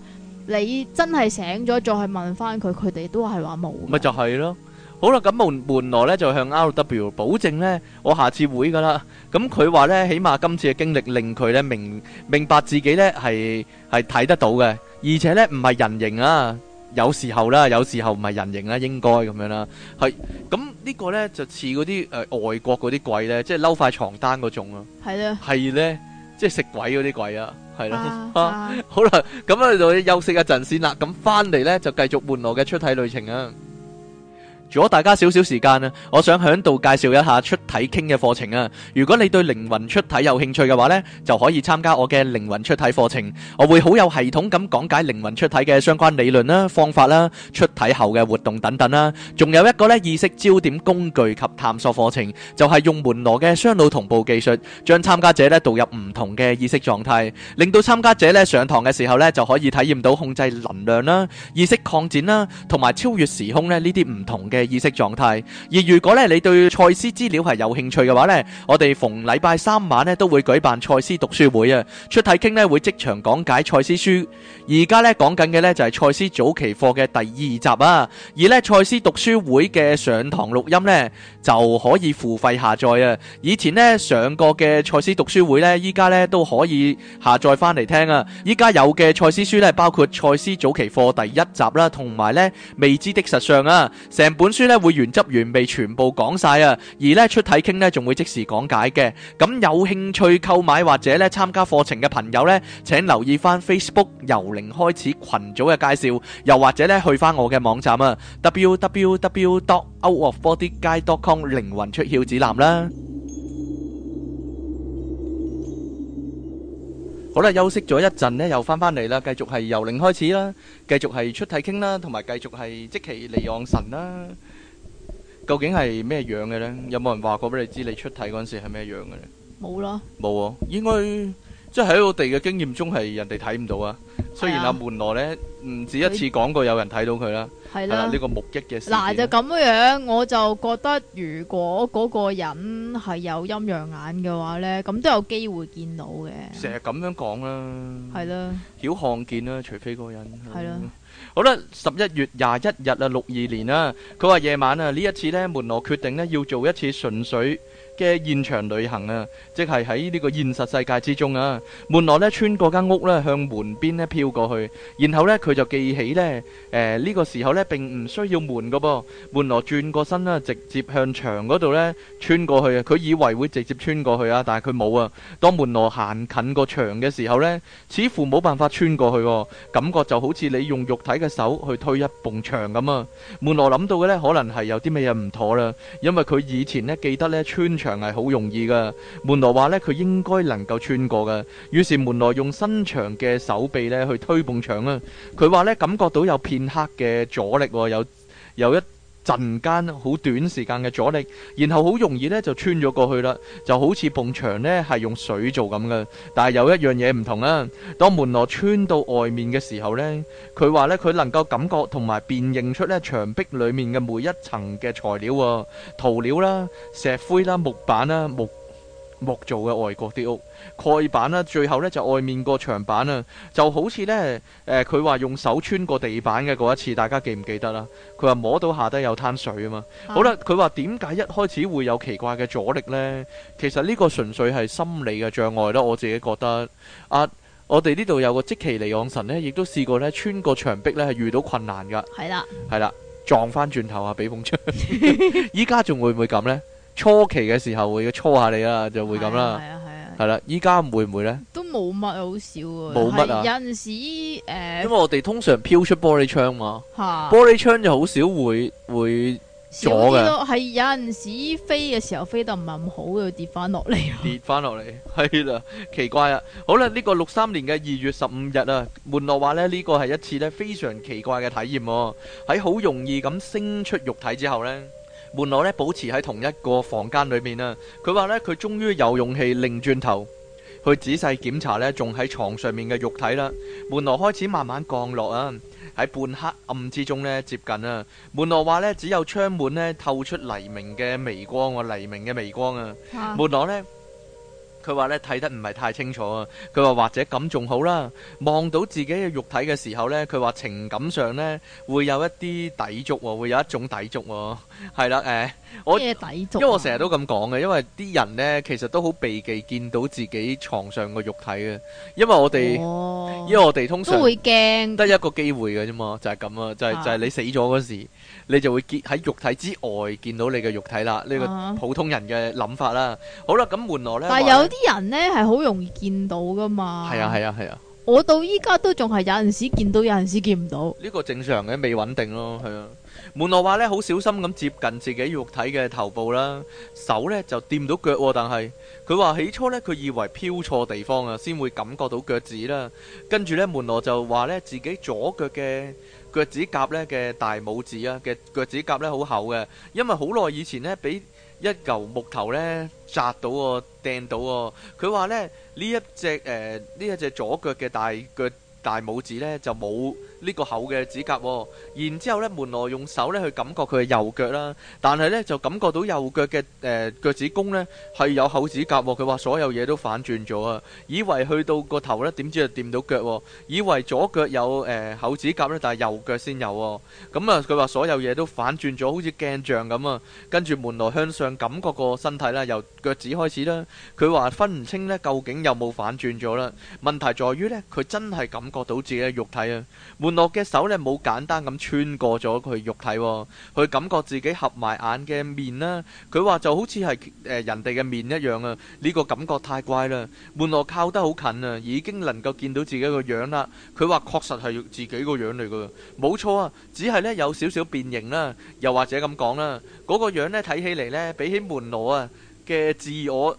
你真係醒咗再去問翻佢，佢哋都係話冇，咪就係咯。好啦，咁門門羅咧就向 RW 保證咧，我下次會噶啦。咁佢話咧，起碼今次嘅經歷令佢咧明明白自己咧係係睇得到嘅，而且咧唔係人形啊。有時候啦，有時候唔係人形啦，應該咁樣啦。係咁呢個咧就似嗰啲誒外國嗰啲鬼咧，即係摟塊床單嗰種啊。係咧，係咧，即係食鬼嗰啲鬼啊，係咯。嚇，好啦，咁啊，就休息一陣先啦。咁翻嚟咧就繼續門羅嘅出體旅程啊。如果大家少少時間啊，我想響度介紹一下出體傾嘅課程啊！如果你對靈魂出體有興趣嘅話咧，就可以參加我嘅靈魂出體課程。我會好有系統咁講解靈魂出體嘅相關理論啦、方法啦、出體後嘅活動等等啦。仲有一個咧意識焦點工具及探索課程，就係用門羅嘅雙腦同步技術，將參加者咧導入唔同嘅意識狀態，令到參加者咧上堂嘅時候咧就可以體驗到控制能量啦、意識擴展啦，同埋超越時空咧呢啲唔同嘅嘅意識狀態，而如果呢，你對賽斯資料係有興趣嘅話呢，我哋逢禮拜三晚呢都會舉辦賽斯讀書會啊！出體傾呢會即場講解賽斯書。而家呢講緊嘅呢就係賽斯早期課嘅第二集啊！而呢，賽斯讀書會嘅上堂錄音呢就可以付費下載啊！以前呢上過嘅賽斯讀書會呢，依家呢都可以下載翻嚟聽啊！依家有嘅賽斯書呢，包括賽斯早期課第一集啦，同埋呢未知的實相啊，成本。書咧會原汁原味全部講晒啊，而咧出體傾咧仲會即時講解嘅。咁有興趣購買或者咧參加課程嘅朋友咧，請留意翻 Facebook 由零開始群組嘅介紹，又或者咧去翻我嘅網站啊 www.outofbodyguide.com 靈魂出竅指南啦。好啦，休息咗一陣呢，又翻返嚟啦，繼續係由零開始啦，繼續係出體傾啦，同埋繼續係即期離岸神啦。究竟係咩樣嘅呢？有冇人話過俾你知？你出體嗰陣時係咩樣嘅呢？冇啦了，冇喎、哦，應該。喺我哋嘅經驗中係人哋睇唔到啊！雖然阿門羅咧唔止一次講過有人睇到佢啦，係啦，呢個目擊嘅事。嗱就咁樣，我就覺得如果嗰個人係有陰陽眼嘅話咧，咁都有機會見到嘅。成日咁樣講啦，係啦，少看見啦，除非嗰個人，係啦。好啦，十一月廿一日啊，六二年啊，佢話夜晚啊，呢一次咧，門羅決定咧要做一次純粹嘅現場旅行啊，即係喺呢個現實世界之中啊。門羅呢穿過間屋呢向門邊呢飄過去，然後呢佢就記起呢，誒、呃、呢、呢個時候呢並唔需要門噶噃。門羅轉過身啦，直接向牆嗰度呢穿過去啊。佢以為會直接穿過去啊，但係佢冇啊。當門羅行近個牆嘅時候呢，似乎冇辦法穿過去，啊，感覺就好似你用肉體嘅手去推一埲牆咁啊。門羅諗到嘅呢，可能係有啲咩嘢唔妥啦，因為佢以前呢記得呢穿牆。牆係好容易噶，門羅話咧，佢應該能夠穿過噶。於是門羅用伸長嘅手臂咧，去推埲牆啊，佢話咧感覺到有片刻嘅阻力，有有一陣間好短時間嘅阻力，然後好容易呢就穿咗過去啦，就好似埲牆呢係用水做咁嘅。但係有一樣嘢唔同啦、啊。當門羅穿到外面嘅時候呢，佢話呢，佢能夠感覺同埋辨認出呢牆壁裡面嘅每一層嘅材料喎、啊，塗料啦、啊、石灰啦、啊、木板啦、啊、木。木造嘅外國啲屋，蓋板啦、啊，最後呢就外面個牆板啊，就好似呢，誒、呃，佢話用手穿過地板嘅嗰一次，大家記唔記得啦？佢話摸到下底有灘水啊嘛。啊好啦，佢話點解一開始會有奇怪嘅阻力呢？其實呢個純粹係心理嘅障礙啦，我自己覺得。阿、啊，我哋呢度有個即其嚟岸神呢，亦都試過呢，穿過牆壁呢，係遇到困難噶。係啦的，係啦，撞翻轉頭啊！俾風吹，依家仲會唔會咁呢？初期嘅時候會搓下你啊，就會咁啦。係啊，係啊。係啦，依家會唔會咧？都冇乜，好少啊。冇乜啊。有陣時誒，啊、因為我哋通常飄出玻璃窗嘛，哈玻璃窗就好少會會咗嘅。係有陣時飛嘅時候飛得唔係咁好，就會跌翻落嚟。跌翻落嚟，係啦，奇怪啊！好啦，呢、這個六三年嘅二月十五日啊，門羅話咧呢、這個係一次咧非常奇怪嘅體驗、哦，喺好容易咁升出肉體之後咧。門羅呢，保持喺同一個房間裏面啊，佢話呢，佢終於有勇氣擰轉頭去仔細檢查呢，仲喺床上面嘅肉體啦。門羅開始慢慢降落啊，喺半黑暗之中呢，接近啊。門羅話呢，只有窗門呢，透出黎明嘅微光，黎明嘅微光啊。光啊 Yeah. 門羅呢。佢話咧睇得唔係太清楚啊。佢話或者咁仲好啦，望到自己嘅肉體嘅時候咧，佢話情感上咧會有一啲抵觸、哦，會有一種抵觸係啦。誒、 (laughs) 哎，我抵觸、啊、因為我成日都咁講嘅，因為啲人咧其實都好避忌見到自己床上個肉體嘅，因為我哋、哦、因為我哋通常都會驚得一個機會嘅啫嘛，就係咁啊，就係、是、就係、是、你死咗嗰時。你就會見喺肉體之外見到你嘅肉體啦，呢、啊、個普通人嘅諗法啦。好啦，咁門羅呢？但係有啲人呢係好說容易見到噶嘛。係啊係啊係啊，啊啊我到依家都仲係有陣時見到，有陣時見唔到。呢個正常嘅，未穩定咯，係啊。門羅話呢好小心咁接近自己肉體嘅頭部啦，手呢就掂到腳、啊，但係佢話起初呢，佢以為飄錯地方啊，先會感覺到腳趾啦。跟住呢門羅就話呢，自己左腳嘅。腳趾甲咧嘅大拇指啊，嘅腳趾甲咧好厚嘅，因為好耐以前咧俾一嚿木頭咧砸到個掟到。佢話咧呢一隻誒呢、呃、一隻左腳嘅大腳大拇指咧就冇。呢個厚嘅指甲，然之後咧門羅用手咧去感覺佢嘅右腳啦，但係咧就感覺到右腳嘅誒腳趾公咧係有厚指甲喎。佢話所有嘢都反轉咗啊，以為去到個頭咧，點知就掂到腳，以為左腳有誒厚指甲咧，但係右腳先有喎。咁啊，佢話所有嘢都反轉咗，好似鏡像咁啊。跟住門羅向上感覺個身體啦，由腳趾開始啦。佢話分唔清咧，究竟有冇反轉咗啦？問題在於咧，佢真係感覺到自己嘅肉體啊。每門羅嘅手咧冇簡單咁穿過咗佢肉體喎，佢感覺自己合埋眼嘅面啦。佢話就好似係誒人哋嘅面一樣啊。呢個感覺太怪啦。門羅靠得好近啊，已經能夠見到自己個樣啦。佢話確實係自己個樣嚟噶，冇錯啊。只係咧有少少變形啦，又或者咁講啦，嗰個樣咧睇起嚟咧比起門羅啊嘅自我。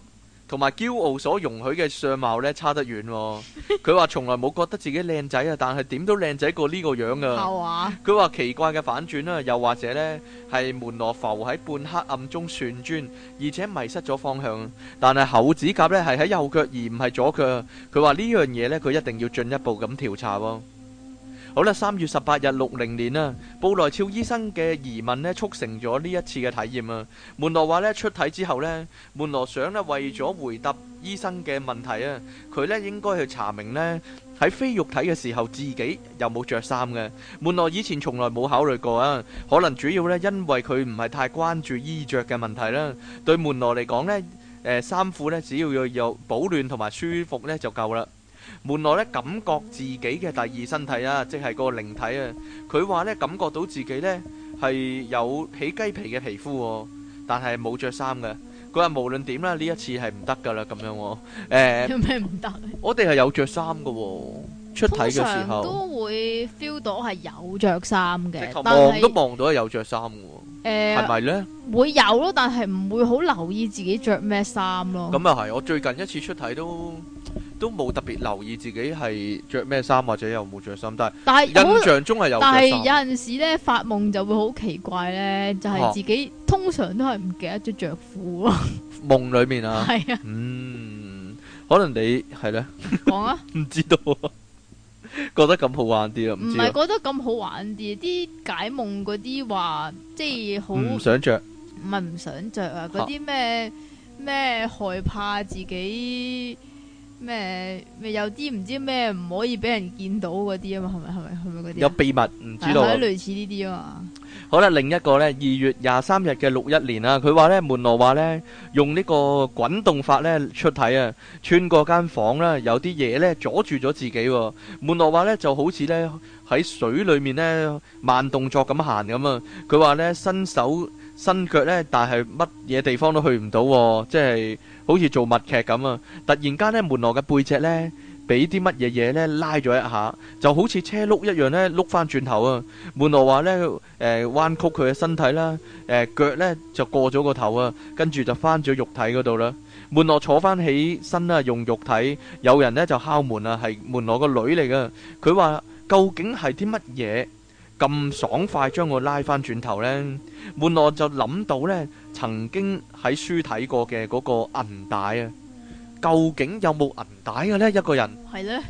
同埋驕傲所容許嘅相貌呢，差得遠哦。佢話從來冇覺得自己靚仔，仔啊，但係點都靚仔過呢個樣㗎。佢話奇怪嘅反轉啦，又或者呢係門羅浮喺半黑暗中旋轉，而且迷失咗方向。但係厚指甲呢係喺右腳而唔係左腳。佢話呢樣嘢呢，佢一定要進一步咁調查哦。好啦，三月十八日六零年啊，布萊肖醫生嘅疑問咧促成咗呢一次嘅體驗啊。門羅話呢，出體之後呢，門羅想咧為咗回答醫生嘅問題啊，佢呢應該去查明呢，喺非肉體嘅時候自己有冇着衫嘅。門羅以前從來冇考慮過啊，可能主要呢，因為佢唔係太關注衣着嘅問題啦。對門羅嚟講呢，誒，衫褲呢，只要要有保暖同埋舒服呢，就夠啦。門羅咧，感覺自己嘅第二身體啊，即係個靈體啊。佢話咧，感覺到自己咧係有起雞皮嘅皮膚，但係冇着衫嘅。佢話無論點啦，呢一次係唔得噶啦，咁樣。誒，有咩唔得？我哋係有着衫噶，出體嘅時候都會 feel 到係有着衫嘅。我都望到係有着衫嘅。誒，係咪咧？會有咯，但係唔會好留意自己着咩衫咯。咁啊係，我最近一次出體都。都冇特別留意自己係着咩衫或者有冇着衫，但係印象中係有。但係有陣時咧發夢就會好奇怪咧，就係、是、自己通常都係唔記得着著褲。 (laughs) 夢裡面啊，係啊，嗯，可能你係咧，講啊，唔 (laughs) 知，道、啊、 (laughs) 知道，覺得咁好玩啲、嗯、啊。唔係覺得咁好玩啲，啲解夢嗰啲話即係好唔想着，唔係唔想着啊，嗰啲咩咩害怕自己。咩咩有啲唔知咩唔可以俾人見到嗰啲啊嘛，係咪係咪係咪嗰啲？是是是是啊、有秘密唔知道。類似呢啲啊嘛。好啦，另一個呢，二月廿三日嘅六一年啦、啊，佢話咧，門羅話呢，用呢個滾動法呢，出體啊，穿過間房啦，有啲嘢呢，阻住咗自己喎、啊。門羅話咧就好似呢，喺水裡面呢，慢動作咁行咁啊。佢話呢，伸手伸腳呢，但係乜嘢地方都去唔到喎，即係。好似做默劇咁啊！突然間咧，門羅嘅背脊咧，俾啲乜嘢嘢，咧拉咗一下，就好似車轆一樣咧碌翻轉頭啊！門羅話咧，誒，彎曲佢嘅身體啦，誒，腳咧就過咗個頭啊，跟住就翻咗肉體嗰度啦。門羅坐翻起身啦，用肉體，有人咧就敲門啊，係門羅個女嚟噶，佢話究竟係啲乜嘢？咁爽快將我拉翻轉頭咧，門羅就諗到咧，曾經喺書睇過嘅嗰個銀帶啊，究竟有冇銀帶嘅咧？一個人係咧，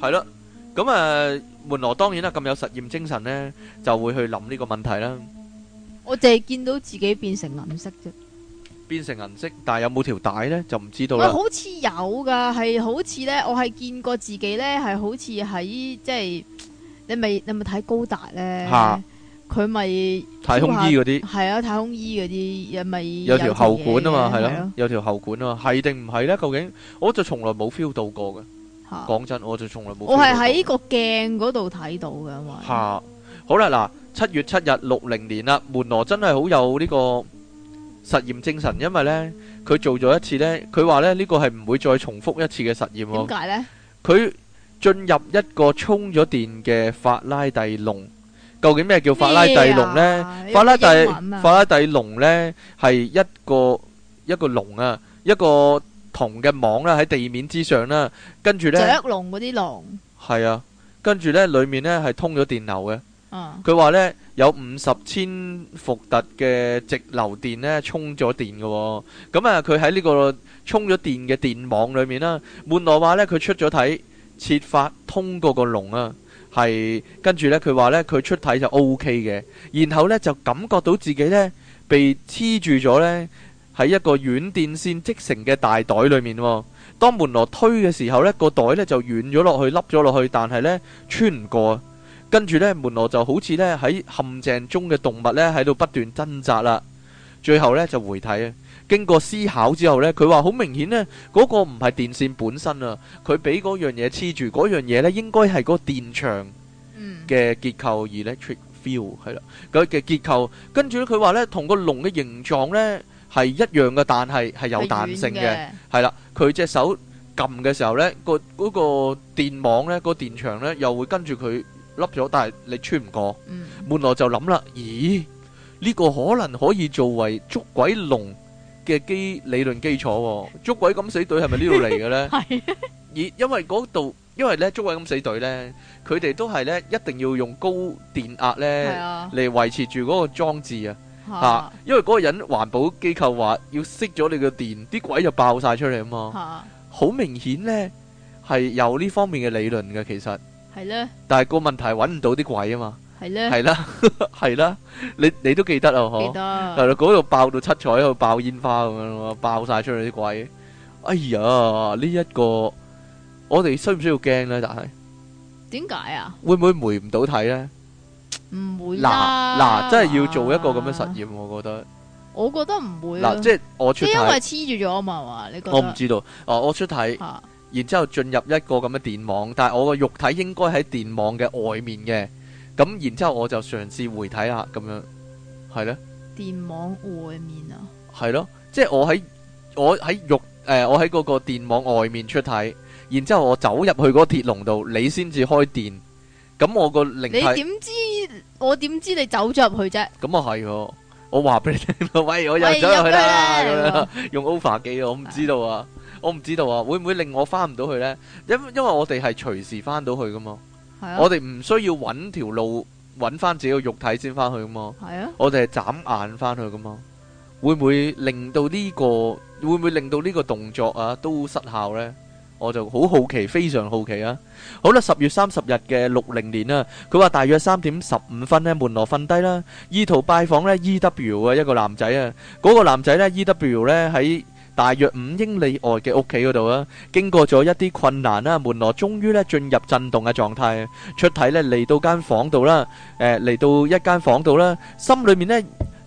係咯，咁啊，門羅當然啦，咁有實驗精神咧，就會去諗呢個問題啦。我淨係見到自己變成銀色啫，變成銀色，但係有冇條帶咧就唔知道啦。好似有噶，係好似咧，我係見過自己咧，係好似喺即係。你咪你咪睇高達咧？佢咪太空衣嗰啲係啊，太空衣嗰啲又咪有條喉管啊嘛，係咯，有條喉管啊嘛，係定唔係咧？究竟我就從來冇 feel 到過嘅。講真，我就從來冇。我係喺個鏡嗰度睇到嘅，係咪？吓，好啦，嗱，七月七日六零年啦，門羅真係好有呢個實驗精神，因為咧佢做咗一次咧，佢話咧呢個係唔會再重複一次嘅實驗。點解咧？佢。進入一個充咗電嘅法拉第籠，究竟咩叫法拉第籠咧？法拉第法拉第籠咧係一個一個籠啊，一個銅嘅網啦，喺地面之上啦，跟住咧雀籠嗰啲籠係啊，跟住咧裏面咧係通咗電流嘅。嗯，佢話咧有五十千伏特嘅直流電咧充咗電嘅，咁啊佢喺呢個充咗電嘅電網裏面啦，門羅話咧佢出咗體。設法通過個籠啊，係跟住呢。佢話呢，佢出體就 OK 嘅，然後呢，就感覺到自己呢，被黐住咗呢，喺一個軟電線織成嘅大袋裏面啊。當門羅推嘅時候呢，個袋呢就軟咗落去，凹咗落去，但係呢，穿唔過。跟住呢，門羅就好似呢，喺陷阱中嘅動物呢，喺度不斷掙扎啦。最後呢，就回體啊！經過思考之後咧，佢話，好明顯咧，嗰個唔係電線本身啊，佢俾嗰樣嘢黐住，嗰樣嘢咧應該係個電場嘅結構 electric field，係啦，佢嘅結構，跟住咧佢話咧，同個龍嘅形狀咧係一樣嘅，但係係有彈性嘅，係啦，佢隻手撳嘅時候咧，個嗰個電網咧個電場咧又會跟住佢甩咗，但係你穿唔過。門羅就諗啦，咦，呢個可能可以作為捉鬼龍嘅基理論基礎喎，捉鬼敢死隊係咪呢度嚟嘅呢？係，而因為嗰度，因為呢捉鬼敢死隊呢，佢哋都係呢一定要用高電壓呢嚟維持住嗰個裝置啊，嚇！因為嗰個人環保機構話要熄咗你個電，啲鬼就爆晒出嚟啊嘛，嚇！好明顯呢係有呢方面嘅理論嘅，其實係呢，但係個問題係揾唔到啲鬼啊嘛。係咧，係啦，係啦， (laughs) 你你都記得啊？嗬，記得。係啦，嗰度爆到七彩，佢爆煙花咁樣咯，爆晒出去啲鬼。哎呀，呢一個我哋需唔需要驚咧？但係點解啊？會唔會黐唔到體咧？唔會嗱，嗱，真係要做一個咁嘅實驗，啊、我覺得。我覺得唔會。嗱，即係我出。因為黐住咗啊嘛，係嘛？你我唔知道。哦、啊，我出體，啊、然之後進入一個咁嘅電網，但係我個肉體應該喺電網嘅外面嘅。咁然之後我就嘗試回睇下咁樣，係咧？電網外面啊？係咯，即係我喺我喺肉誒，我喺嗰個電網外面出睇，然之後我走入去嗰鐵籠度，你先至開電。咁我個靈，你點知我點知你走咗入去啫？咁啊係，我話俾你聽，喂，我入咗入去啦，用 over 機，我唔知道啊，我唔知道啊，會唔會令我翻唔到去咧？因因為我哋係隨時翻到去噶嘛。我哋唔需要揾條路揾翻自己個肉體先翻去噶嘛，我哋係眨眼翻去噶嘛，會唔會令到呢個會唔會令到呢個動作啊都失效咧？我就好好奇，非常好奇啊！好啦，十月三十日嘅六零年啊，佢話大約三點十五分咧，門羅瞓低啦，意圖拜訪咧 E W 啊一個男仔啊，嗰個男仔咧 E W 咧喺。大約五英里外嘅屋企嗰度啊，經過咗一啲困難啦，門羅終於咧進入震動嘅狀態，出體咧嚟到間房度啦，誒、呃、嚟到一間房度啦，心裏面咧。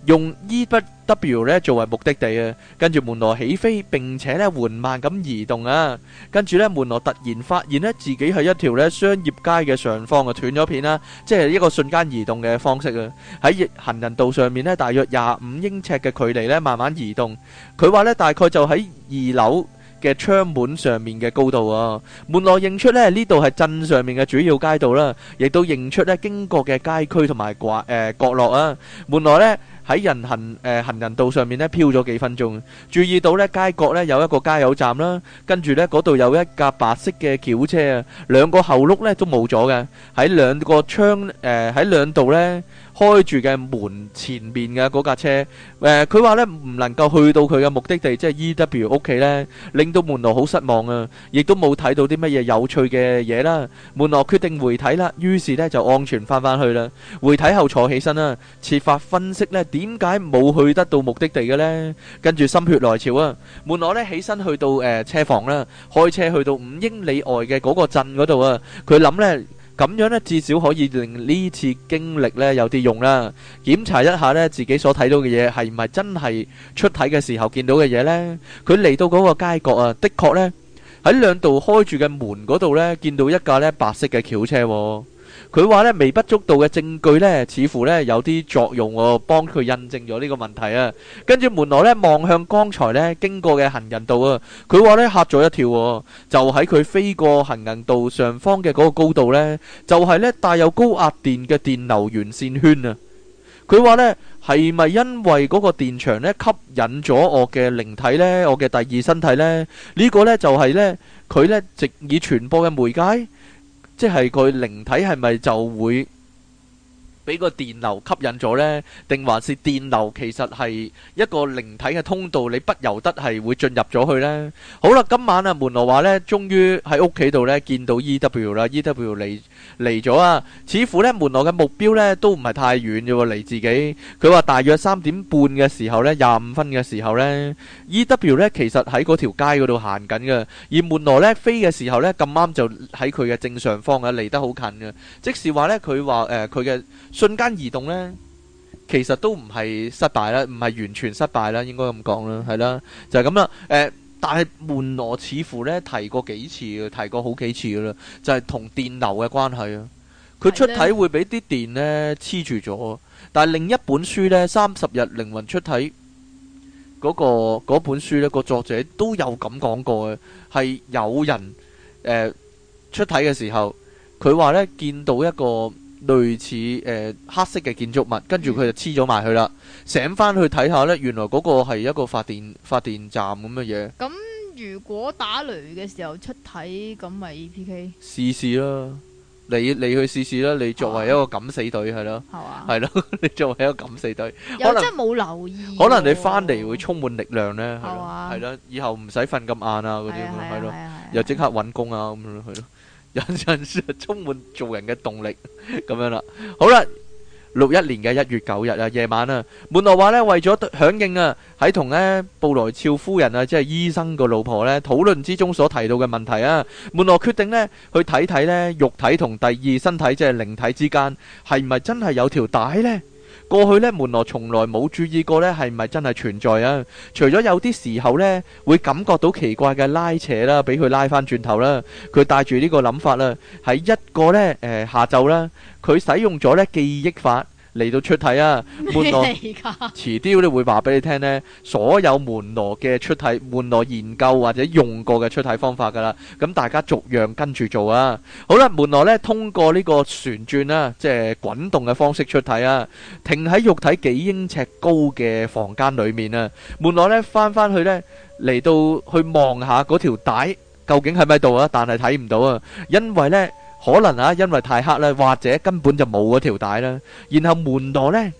用 EWW 咧作為目的地啊，跟住門羅起飛並且咧緩慢咁移動啊。跟住咧，門羅突然發現咧自己係一條咧商業街嘅上方啊，斷咗片啦，即係一個瞬間移動嘅方式啊。喺行人道上面咧，大約廿五英尺嘅距離咧，慢慢移動。佢話咧大概就喺二樓嘅窗門上面嘅高度啊。門羅認出咧呢度係鎮上面嘅主要街道啦，亦都認出咧經過嘅街區同埋拐誒角落啊。門羅咧。喺人行誒、呃、行人道上面咧漂咗幾分鐘，注意到咧街角咧有一個加油站啦，跟住咧嗰度有一架白色嘅轎車啊，兩個後轆咧都冇咗嘅，喺兩個窗誒喺兩度咧。呃開住嘅門前面嘅嗰架車，誒，佢話咧唔能夠去到佢嘅目的地，即係 E.W. 屋企咧，令到門羅好失望啊！亦都冇睇到啲乜嘢有趣嘅嘢啦，門羅決定回睇啦，於是咧就安全翻翻去啦。回體後坐起身啦，設法分析咧點解冇去得到目的地嘅咧，跟住心血來潮啊，門羅咧起身去到誒車房啦，開車去到五英里外嘅嗰個鎮嗰度啊，佢諗咧。咁樣咧，至少可以令呢次經歷咧有啲用啦。檢查一下咧，自己所睇到嘅嘢係唔係真係出體嘅時候見到嘅嘢呢？佢嚟到嗰個街角啊，的確呢，喺兩道開住嘅門嗰度呢，見到一架咧白色嘅轎車。佢話咧微不足道嘅證據咧，似乎咧有啲作用哦，幫佢印證咗呢個問題啊。跟住門羅咧望向剛才咧經過嘅行人道啊，佢話咧吓咗一跳，就喺佢飛過行人道上方嘅嗰個高度呢，就係咧帶有高壓電嘅電流源線圈啊。佢話咧係咪因為嗰個電場咧吸引咗我嘅靈體呢？我嘅第二身體呢？呢、呢個呢，就係咧佢咧直以傳播嘅媒介。即係佢靈體係咪就會？俾個電流吸引咗咧，定還是電流其實係一個靈體嘅通道，你不由得係會進入咗去咧？好啦，今晚啊，門羅話咧，終於喺屋企度咧見到 E.W. 啦，E.W. 嚟嚟咗啊！似乎咧，門羅嘅目標咧都唔係太遠啫喎，離自己。佢話大約三點半嘅時候咧，廿五分嘅時候咧，E.W. 咧其實喺嗰條街嗰度行緊嘅，而門羅咧飛嘅時候咧咁啱就喺佢嘅正上方啊，離得好近嘅。即是話咧，佢話誒佢嘅。瞬間移動咧，其實都唔係失敗啦，唔係完全失敗啦，應該咁講啦，係啦，就係咁啦。誒，但係門羅似乎咧提過幾次嘅，提過好幾次嘅啦，就係同電流嘅關係啊。佢出體會俾啲電咧黐住咗，但係另一本書咧，三十日靈魂出體嗰個嗰本書咧，個作者都有咁講過嘅，係有人誒出體嘅時候，佢話咧見到一個。類似誒黑色嘅建築物，跟住佢就黐咗埋去啦。醒翻去睇下呢，原來嗰個係一個發電發電站咁嘅嘢。咁如果打雷嘅時候出體，咁咪 PK？試試啦，你你去試試啦。你作為一個敢死隊係咯，係啊，係咯，你作為一個敢死隊，我真係冇留意。可能你翻嚟會充滿力量呢，係咯，係咯，以後唔使瞓咁晏啊，嗰啲咁咯，又即刻揾工啊，咁樣去咯。有陣時充滿做人嘅動力咁 (laughs) 樣啦，好啦，六一年嘅一月九日啊，夜晚啊，門羅話咧，為咗響應啊，喺同咧布萊肖夫人啊，即係醫生個老婆咧討論之中所提到嘅問題啊，門羅決定咧去睇睇咧肉體同第二身體即係靈體之間係咪真係有條帶呢？過去咧，門羅從來冇注意過咧，係咪真係存在啊？除咗有啲時候咧，會感覺到奇怪嘅拉扯啦，俾佢拉翻轉頭啦，佢帶住呢個諗法啦，喺一個咧誒、呃、下晝啦，佢使用咗咧記憶法。嚟到出體啊！門羅遲啲咧會話俾你聽咧，所有門羅嘅出體、門羅研究或者用過嘅出體方法噶啦。咁大家逐樣跟住做啊！好啦，門羅咧通過呢個旋轉啦，即係滾動嘅方式出體啊。停喺肉體幾英尺高嘅房間裏面啊。門羅咧返返去咧嚟到去望下嗰條帶究竟喺咪度啊？但係睇唔到啊，因為咧。可能啊，因為太黑啦，或者根本就冇嗰條帶啦。然後門羅呢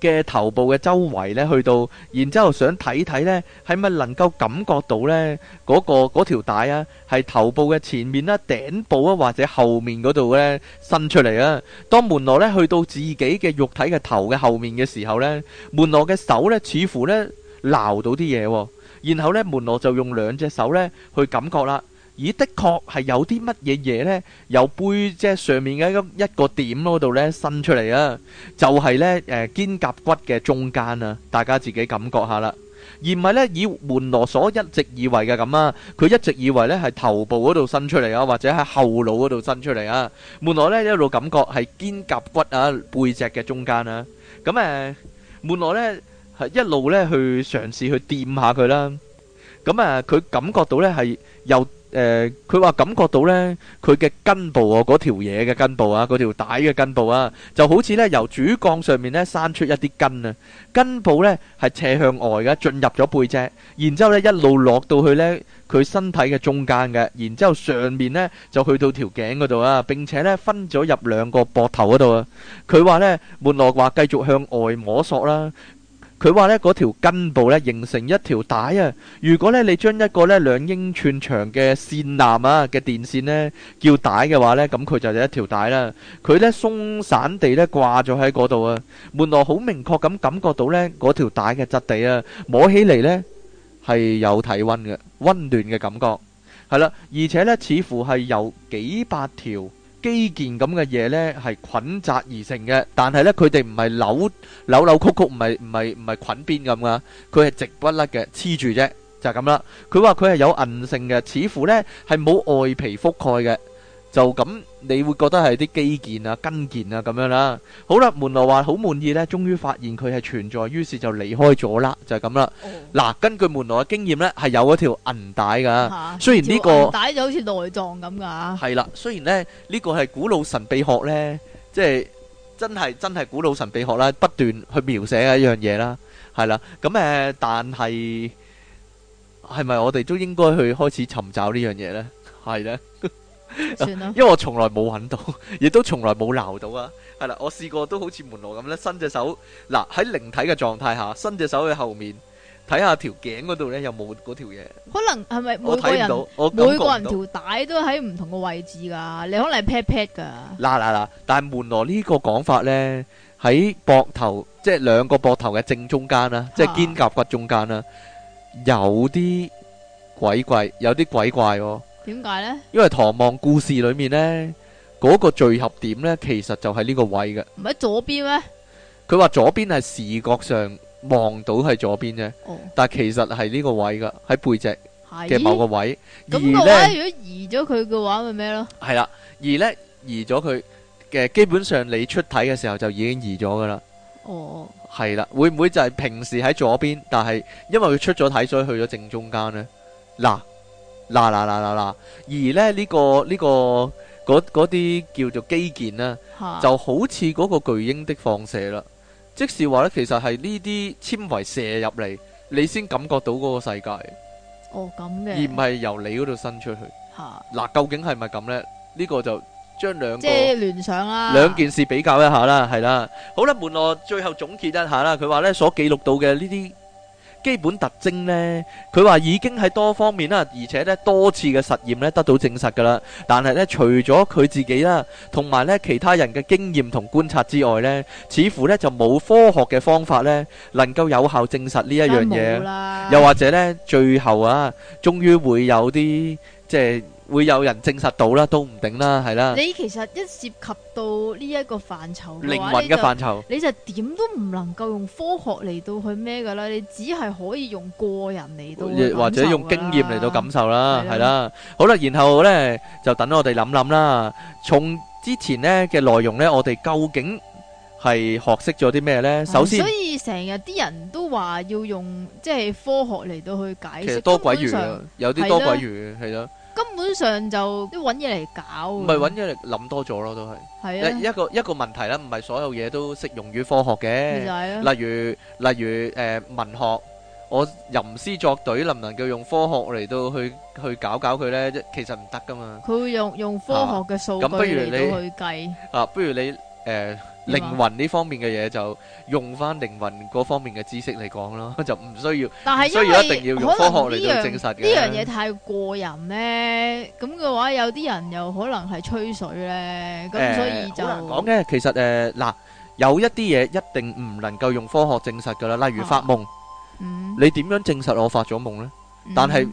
嘅頭部嘅周圍呢去到，然之後想睇睇呢係咪能夠感覺到呢嗰、嗰個嗰條帶啊，係頭部嘅前面啦、頂部啊或者後面嗰度呢伸出嚟啊。當門羅呢去到自己嘅肉體嘅頭嘅後面嘅時候呢，門羅嘅手呢似乎呢撈到啲嘢、啊，然後呢，門羅就用兩隻手呢去感覺啦。而的確係有啲乜嘢嘢咧，由背脊上面嘅一個點嗰度咧伸出嚟啊！就係咧誒肩胛骨嘅中間啊！大家自己感覺下啦，而唔係咧以門羅所一直以為嘅咁啊，佢一直以為咧係頭部嗰度伸出嚟啊，或者喺後腦嗰度伸出嚟啊。門羅咧一路感覺係肩胛骨啊背脊嘅中間啦。咁誒，門羅咧係一路咧去嘗試去掂下佢啦。咁啊，佢感覺到咧係由。誒，佢話、呃、感覺到呢，佢嘅根，根部啊，嗰條嘢嘅根部啊，嗰條帶嘅根部啊，就好似呢由主幹上面呢生出一啲根啊，根部呢係斜向外嘅，進入咗背脊，然之後咧一路落到去呢佢身體嘅中間嘅，然之後上面呢就去到條頸嗰度啊，並且呢分咗入兩個膊頭嗰度啊，佢話呢，門羅話繼續向外摸索啦。佢話咧嗰條根部咧形成一條帶啊。如果咧你將一個咧兩英寸長嘅線纜啊嘅電線咧叫帶嘅話咧，咁佢就係一條帶啦。佢咧鬆散地咧掛咗喺嗰度啊。門羅好明確咁感覺到咧嗰條帶嘅質地啊，摸起嚟咧係有體温嘅温暖嘅感覺，係啦，而且咧似乎係有幾百條。基建咁嘅嘢呢係捆紮而成嘅，但係呢，佢哋唔係扭扭扭曲曲，唔係唔係唔係捆邊咁噶，佢係直不甩嘅，黐住啫，就係咁啦。佢話佢係有韌性嘅，似乎呢係冇外皮覆蓋嘅。就咁你會覺得係啲肌腱啊、筋腱啊咁樣啦。好啦，門羅話好滿意咧，終於發現佢係存在，於是就離開咗啦，就係咁啦。嗱，根據門羅嘅經驗咧，係有一條銀帶噶。雖然呢個帶就好似內臟咁噶。係啦，雖然咧呢個係古老神秘學咧，即係真係真係古老神秘學啦，不斷去描寫嘅一樣嘢啦。係啦，咁誒，但係係咪我哋都應該去開始尋找呢樣嘢咧？係咧。算啦，因為我從來冇揾到，亦都從來冇鬧到啊！係啦，我試過都好似門羅咁咧，伸隻手，嗱喺靈體嘅狀態下，伸隻手去後面睇下條頸嗰度咧，看看條有冇嗰條嘢？可能係咪冇睇到，我感覺每個人條帶都喺唔同嘅位置噶。你可能係 pat pat 噶。嗱嗱嗱！但係門羅呢個講法咧，喺膊頭，即係兩個膊頭嘅正中間啦，啊、即係肩胛骨中間啦，有啲鬼怪，有啲鬼怪哦。點解呢？因為《唐望故事》裏面呢，嗰、嗰個聚合點呢，其實就係呢個位嘅，唔係左邊咩？佢話左邊係視覺上望到係左邊啫，哦、但係其實係呢個位噶，喺背脊嘅某個位。咁我咧，如果移咗佢嘅話，咪咩咯？係啦，移咧移咗佢嘅，基本上你出體嘅時候就已經移咗噶啦。哦，係啦，會唔會就係平時喺左邊，但係因為佢出咗體，所以去咗正中間呢？嗱。嗱嗱嗱嗱嗱，而咧呢個呢個嗰嗰啲叫做基建咧，就好似嗰個巨嬰的放射啦。即是話咧，其實係呢啲纖維射入嚟，你先感覺到嗰個世界。哦，咁嘅。而唔係由你嗰度伸出去。嚇。嗱，究竟係咪咁咧？呢個就將兩個即係聯想啦。兩件事比較一下啦，係啦。好啦，門羅最後總結一下啦。佢話咧，所記錄到嘅呢啲。基本特徵呢，佢話已經喺多方面啦，而且咧多次嘅實驗咧得到證實噶啦。但係咧，除咗佢自己啦，同埋咧其他人嘅經驗同觀察之外咧，似乎咧就冇科學嘅方法咧能夠有效證實呢一樣嘢。又或者咧，最後啊，終於會有啲即係。會有人證實到啦，都唔定啦，係啦。你其實一涉及到呢一個範疇，靈魂嘅範疇，你就點都唔能夠用科學嚟到去咩噶啦，你只係可以用個人嚟到或者用經驗嚟到感受啦，係啦。好啦，然後呢就等我哋諗諗啦。從之前呢嘅內容呢，我哋究竟係學識咗啲咩呢？首先，所以成日啲人都話要用即係科學嚟到去解釋，其實多鬼餘，有啲多鬼餘嘅，係咯。根本上就啲揾嘢嚟搞，唔係揾嘢嚟諗多咗咯，都係。係啊，一個一個問題啦，唔係所有嘢都適用於科學嘅、啊。例如例如誒文學，我吟詩作對，能唔能夠用科學嚟到去去搞搞佢呢？其實唔得噶嘛。佢會用用科學嘅數據嚟、啊、到去計。啊，不如你誒，呃靈魂呢方面嘅嘢就用翻靈魂嗰方面嘅知識嚟講咯，就唔需要，但係需要一定要用科學嚟到證實嘅。呢樣嘢太個人咧，咁嘅話有啲人又可能係吹水呢。咁所以就講嘅、呃、其實誒嗱、呃，有一啲嘢一定唔能夠用科學證實噶啦，例如發夢，啊嗯、你點樣證實我發咗夢呢？嗯、但係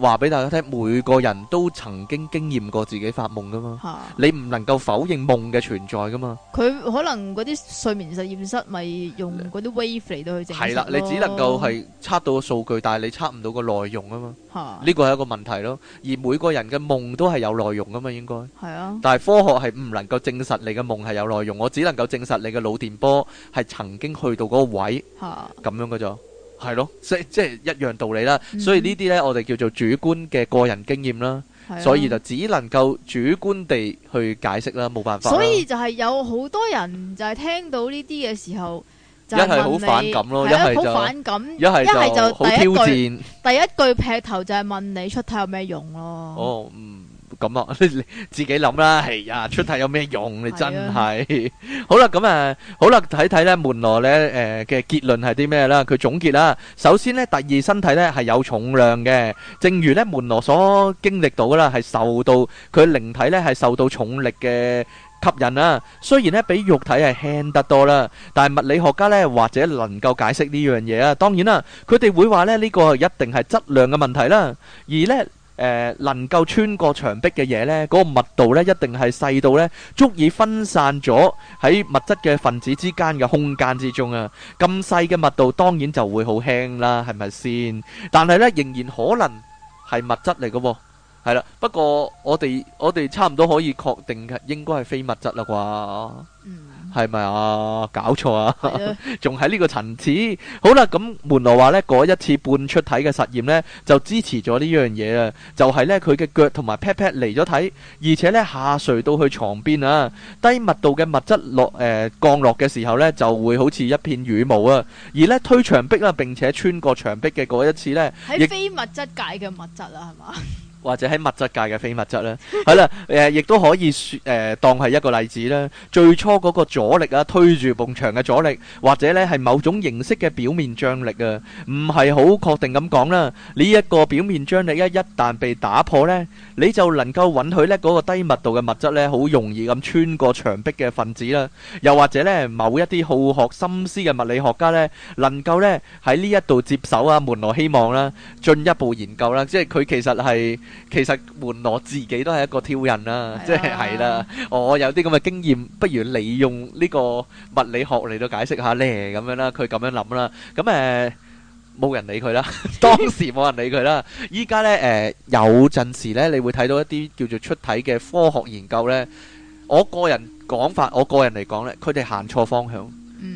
話俾大家聽，每個人都曾經經驗過自己發夢噶嘛，的你唔能夠否認夢嘅存在噶嘛。佢可能嗰啲睡眠實驗室咪用嗰啲 wave 嚟到去證實咯。係啦，你只能夠係測到個數據，但係你測唔到個內容啊嘛。呢個係一個問題咯。而每個人嘅夢都係有內容噶嘛，應該。係啊的。但係科學係唔能夠證實你嘅夢係有內容，我只能夠證實你嘅腦電波係曾經去到嗰個位。咁的樣噶咋？係咯，即即係一樣道理啦。所以呢啲呢，我哋叫做主觀嘅個人經驗啦，的所以就只能夠主觀地去解釋啦，冇辦法。所以就係有好多人就係聽到呢啲嘅時候，就係、是、好反感咯，一係就一係就挑戰第，第一句劈頭就係問你出體有咩用咯，啊。哦，嗯。咁咯，你自己諗啦。哎呀，出體有咩用？你真係好啦，咁啊，好啦，睇睇咧門羅咧誒嘅結論係啲咩啦？佢總結啦，首先咧第二身體咧係有重量嘅，正如咧門羅所經歷到噶啦，係受到佢靈體咧係受到重力嘅吸引啦。雖然咧比肉體係輕得多啦，但係物理學家咧或者能夠解釋呢樣嘢啊。當然啦，佢哋會話咧呢個一定係質量嘅問題啦，而咧。誒能夠穿過牆壁嘅嘢呢，嗰個密度呢一定係細到呢足以分散咗喺物質嘅分子之間嘅空間之中啊！咁細嘅密度當然就會好輕啦，係咪先？但係呢仍然可能係物質嚟嘅喎，係啦。不過我哋我哋差唔多可以確定嘅應該係非物質啦啩。嗯。係咪啊？搞錯啊！仲喺呢個層次。係嘅。好啦，咁門羅話呢，嗰一次半出體嘅實驗呢，就支持咗呢樣嘢啊！就係、係、呢，佢嘅腳同埋 pat pat 離咗體，而且呢，下垂到去床邊啊。低密度嘅物質落誒、呃、降落嘅時候呢，就會好似一片羽毛啊。而呢，推牆壁啊，並且穿過牆壁嘅嗰一次呢，喺非物質界嘅物質啊，係嘛？或者喺物質界嘅非物質啦，係啦，誒亦都可以誒、呃、當係一個例子啦。最初嗰個阻力啊，推住牆嘅阻力，或者呢係某種形式嘅表面張力啊，唔係好確定咁講啦。呢、這、一個表面張力一一旦被打破呢，你就能夠允許呢嗰個低密度嘅物質呢，好容易咁穿過牆壁嘅分子啦。又或者呢，某一啲好學深思嘅物理學家呢，能夠呢喺呢一度接手啊，門羅希望啦，進一步研究啦。即係佢其實係。其實門羅我自己都係一個挑釁啦， (noise) 即係係啦，我有啲咁嘅經驗，不如你用呢個物理學嚟到解釋下、嗯嗯、 (laughs) 呢，咁樣啦，佢咁樣諗啦，咁誒冇人理佢啦，當時冇人理佢啦，依家呢，誒有陣時呢，你會睇到一啲叫做出體嘅科學研究呢。我個人講法，我個人嚟講呢，佢哋行錯方向。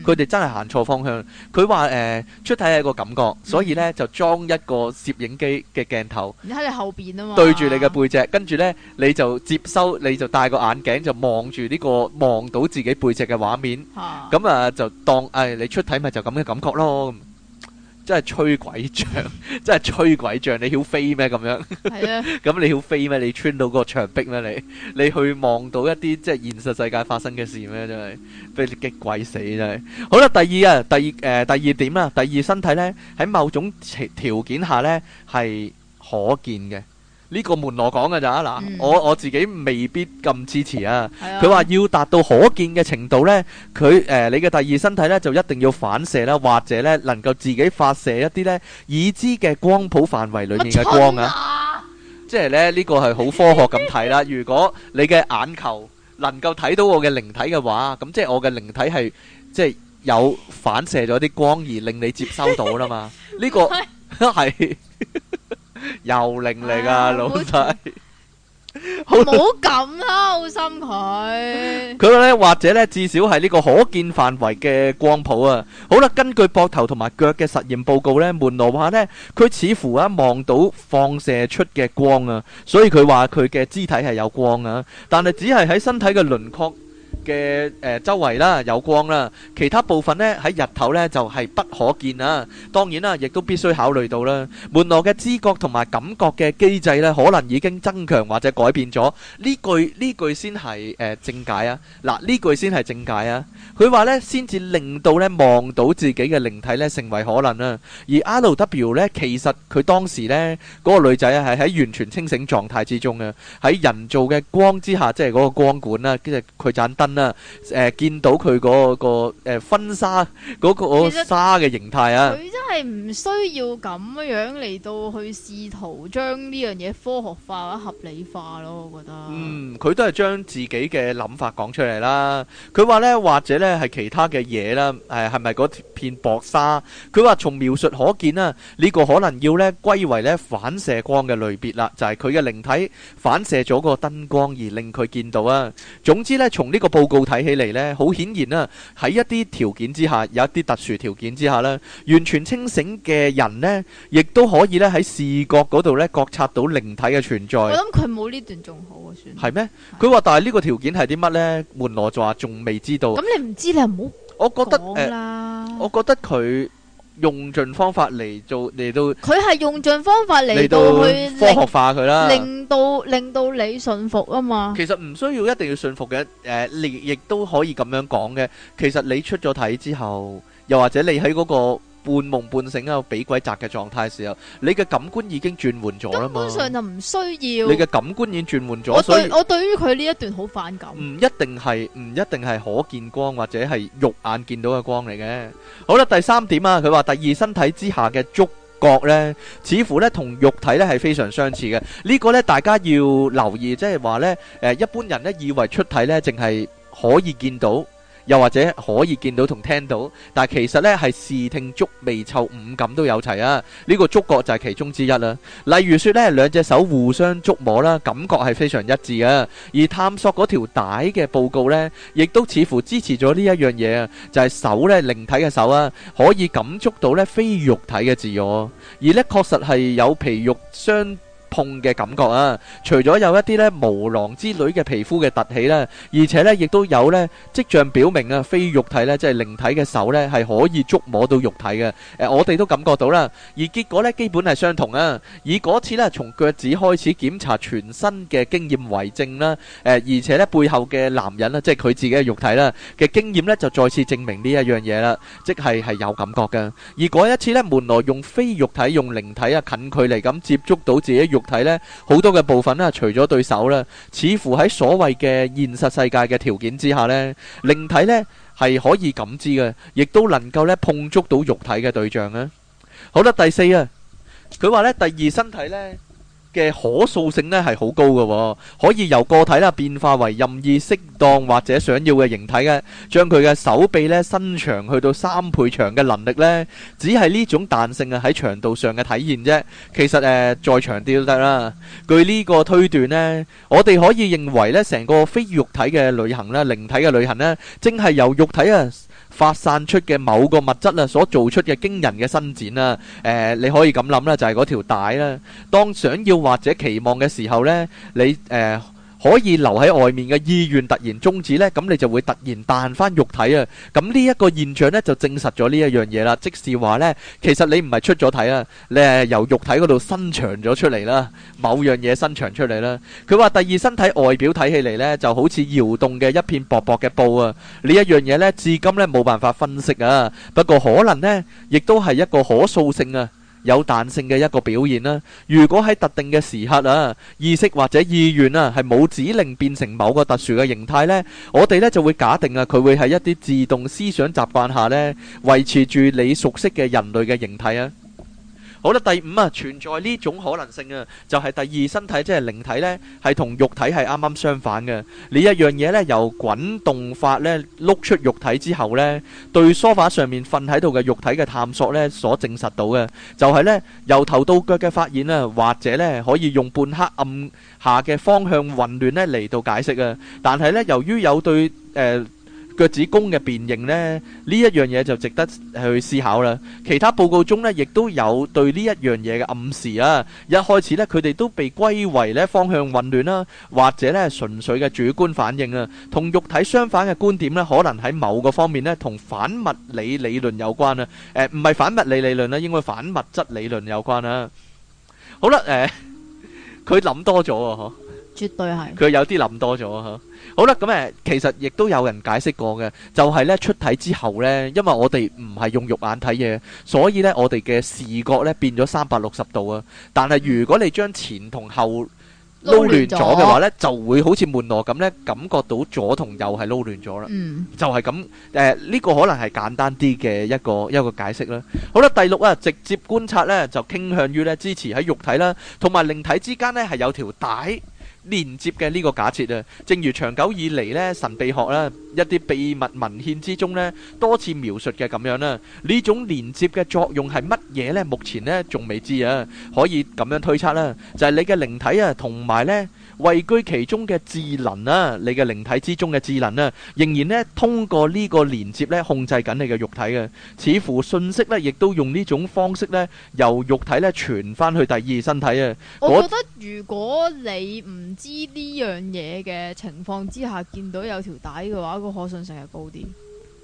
佢哋真係行錯方向。佢話誒，出體係個感覺，所以呢就裝一個攝影機嘅鏡頭。你喺你後邊啊嘛，對住你嘅背脊，跟住呢，你就接收，你就戴個眼鏡就望住呢個望到自己背脊嘅畫面。咁啊，啊就當誒、哎，你出體咪就咁嘅感覺咯。真係吹鬼脹，真係吹鬼脹。你曉飛咩咁樣？咁的 (laughs) 你曉飛咩？你穿到個牆壁咩？你你去望到一啲即係現實世界發生嘅事咩？真係俾你激鬼死！真係好啦，第二啊，第二誒、呃，第二點啦、啊，第二身體咧喺某種條件下咧係可見嘅。呢個門羅講嘅咋嗱，我我自己未必咁支持啊。佢話要達到可見嘅程度呢，佢誒你嘅第二身體呢就一定要反射啦，或者呢能夠自己發射一啲呢已知嘅光譜範圍裡面嘅光啊。即係呢呢個係好科學咁睇啦。如果你嘅眼球能夠睇到我嘅靈體嘅話，咁即係我嘅靈體係即係有反射咗啲光而令你接收到啦嘛。呢個係。又靈嚟噶老細闆，唔好咁偷心佢。佢話 (laughs) (laughs) 呢，或者呢，至少係呢個可見範圍嘅光譜啊。好啦，根據膊頭同埋腳嘅實驗報告呢，門羅話呢，佢似乎啊望到放射出嘅光啊，所以佢話佢嘅肢體係有光啊，但係只係喺身體嘅輪廓嘅誒周圍啦，有光啦，其他部分咧喺日頭咧就係不可見啦。當然啦，亦都必須考慮到啦。門羅嘅知覺同埋感覺嘅機制咧，可能已經增強或者改變咗。呢句呢句先係誒正解啊！嗱，呢句先係正解啊！佢話咧，先至令到咧望到自己嘅靈體咧成為可能啊。而 RW 咧，其實佢當時咧嗰個女仔啊，係喺完全清醒狀態之中嘅，喺人造嘅光之下，即係嗰個光管啦，跟住佢盞燈。啦，誒，見到佢嗰個誒婚紗嗰個沙嘅形態啊，佢真係唔需要咁樣嚟到去試圖將呢樣嘢科學化或者合理化咯，我覺得。嗯，佢都係將自己嘅諗法講出嚟啦。佢話咧，或者咧係其他嘅嘢啦，誒，係咪嗰片薄紗？佢話從描述可見啦，呢個可能要咧歸為咧反射光嘅類別啦，就係佢嘅靈體反射咗個燈光而令佢見到啊。總之咧，從呢個報。報告睇起嚟呢，好顯然啦，喺一啲條件之下，有一啲特殊條件之下呢，完全清醒嘅人呢，亦都可以呢喺視覺嗰度呢，覺察到靈體嘅存在。我諗佢冇呢段仲好啊，算。係咩？佢話：但係呢個條件係啲乜呢？門羅就話：仲未知道。咁你唔知，你又唔好。我覺得誒，我覺得佢。用盡方法嚟做嚟到，佢係用盡方法嚟到去科學化佢啦，令到令到你信服啊嘛。其實唔需要一定要信服嘅，誒、呃，你亦都可以咁樣講嘅。其實你出咗體之後，又或者你喺嗰、嗰個半夢半醒啊，畀鬼責嘅狀態時候，你嘅感官已經轉換咗啦嘛。根本上就唔需要。你嘅感官已經轉換咗，對所以我對於佢呢一段好反感。唔一定係唔一定係可見光或者係肉眼見到嘅光嚟嘅。好啦，第三點啊，佢話第二身體之下嘅觸覺呢，似乎呢同肉體呢係非常相似嘅。呢、呢個呢，大家要留意，即係話呢，誒、呃、一般人呢以為出體呢，淨係可以見到。又或者可以見到同聽到，但係其實咧係視聽觸味嗅五感都有齊啊！呢個觸覺就係其中之一啦。例如說咧，兩隻手互相觸摸啦，感覺係非常一致嘅。而探索嗰條帶嘅報告咧，亦都似乎支持咗呢一樣嘢啊，就係手咧靈體嘅手啊，可以感觸到咧非肉體嘅自我，而咧確實係有皮肉相。碰嘅感覺啊！除咗有一啲咧毛囊之類嘅皮膚嘅突起啦，而且咧亦都有咧跡象表明啊，非肉體咧即係靈體嘅手咧係可以觸摸到肉體嘅。誒，我哋都感覺到啦。而結果咧基本係相同啊。以嗰次咧從腳趾開始檢查全身嘅經驗為證啦。誒，而且咧背後嘅男人啦，即係佢自己嘅肉體啦嘅經驗咧就再次證明呢一樣嘢啦，即係係有感覺嘅。而嗰一次咧門羅用非肉體用靈體啊近距離咁接觸到自己肉。肉體呢好多嘅部分呢，除咗對手啦，似乎喺所謂嘅現實世界嘅條件之下呢，靈體呢係可以感知嘅，亦都能夠呢碰觸到肉體嘅對象啊！好啦，第四啊，佢話呢第二身體呢。嘅可塑性咧係好高嘅，可以由個體啦變化為任意適當或者想要嘅形體嘅，將佢嘅手臂咧伸長去到三倍長嘅能力咧，只係呢種彈性啊喺長度上嘅體現啫。其實誒再長啲都得啦。據呢個推斷咧，我哋可以認為咧，成個非肉體嘅旅行咧，靈體嘅旅行咧，正係由肉體啊。發散出嘅某個物質啦，所做出嘅驚人嘅伸展啦，誒、呃，你可以咁諗啦，就係、是、嗰條帶啦。當想要或者期望嘅時候咧，你誒，呃可以留喺外面嘅意願突然中止呢，咁你就會突然彈翻肉體啊！咁呢一個現象呢，就證實咗呢一樣嘢啦。即是話呢，其實你唔係出咗體啊，你係由肉體嗰度伸長咗出嚟啦，某樣嘢伸長出嚟啦。佢話第二身體外表睇起嚟呢，就好似搖動嘅一片薄薄嘅布啊！呢一樣嘢呢，至今呢冇辦法分析啊。不過可能呢，亦都係一個可塑性啊。有彈性嘅一個表現啦。如果喺特定嘅時刻啊，意識或者意願啊，係冇指令變成某個特殊嘅形態呢，我哋呢就會假定啊，佢會喺一啲自動思想習慣下呢，維持住你熟悉嘅人類嘅形態啊。好啦，第五啊，存在呢種可能性啊，就係第二身體即係靈體呢，係同肉體係啱啱相反嘅。呢一樣嘢呢，由滾動法呢，碌出肉體之後呢，對梳化上面瞓喺度嘅肉體嘅探索呢，所證實到嘅，就係呢由頭到腳嘅發現啊，或者呢可以用半黑暗下嘅方向混亂呢嚟到解釋啊。但係呢，由於有對誒腳趾公嘅辨認咧，呢一樣嘢就值得去思考啦。其他報告中咧，亦都有對呢一樣嘢嘅暗示啊。一開始咧，佢哋都被歸為咧方向混亂啦，或者咧純粹嘅主觀反應啊。同肉體相反嘅觀點咧，可能喺某個方面咧，同反物理理論有關啊。誒，唔係反物理理論啦，應該反物質理論有關啦。好啦，誒，佢諗多咗啊，嗬。絕對係佢有啲諗多咗吓。好啦，咁誒，其實亦都有人解釋過嘅，就係呢，出體之後呢，因為我哋唔係用肉眼睇嘢，所以呢，我哋嘅視覺呢變咗三百六十度啊。但係如果你將前同後撈亂咗嘅話呢，就會好似門羅咁呢，感覺到左同右係撈亂咗啦。嗯，就係咁誒，呢個可能係簡單啲嘅一個一個解釋啦。好啦，第六啊，直接觀察呢就傾向於呢支持喺肉體啦，同埋靈體之間呢係有條帶連接嘅呢個假設啊，正如長久以嚟呢，神秘學啦一啲秘密文獻之中呢，多次描述嘅咁樣啦，呢種連接嘅作用係乜嘢呢？目前呢，仲未知啊，可以咁樣推測啦，就係你嘅靈體啊，同埋呢。位居其中嘅智能啊，你嘅靈體之中嘅智能啊，仍然呢通過呢個連接咧控制緊你嘅肉體嘅，似乎信息咧亦都用呢種方式咧由肉體咧傳翻去第二身體啊。我覺得如果你唔知呢樣嘢嘅情況之下見到有條帶嘅話，個可信性係高啲。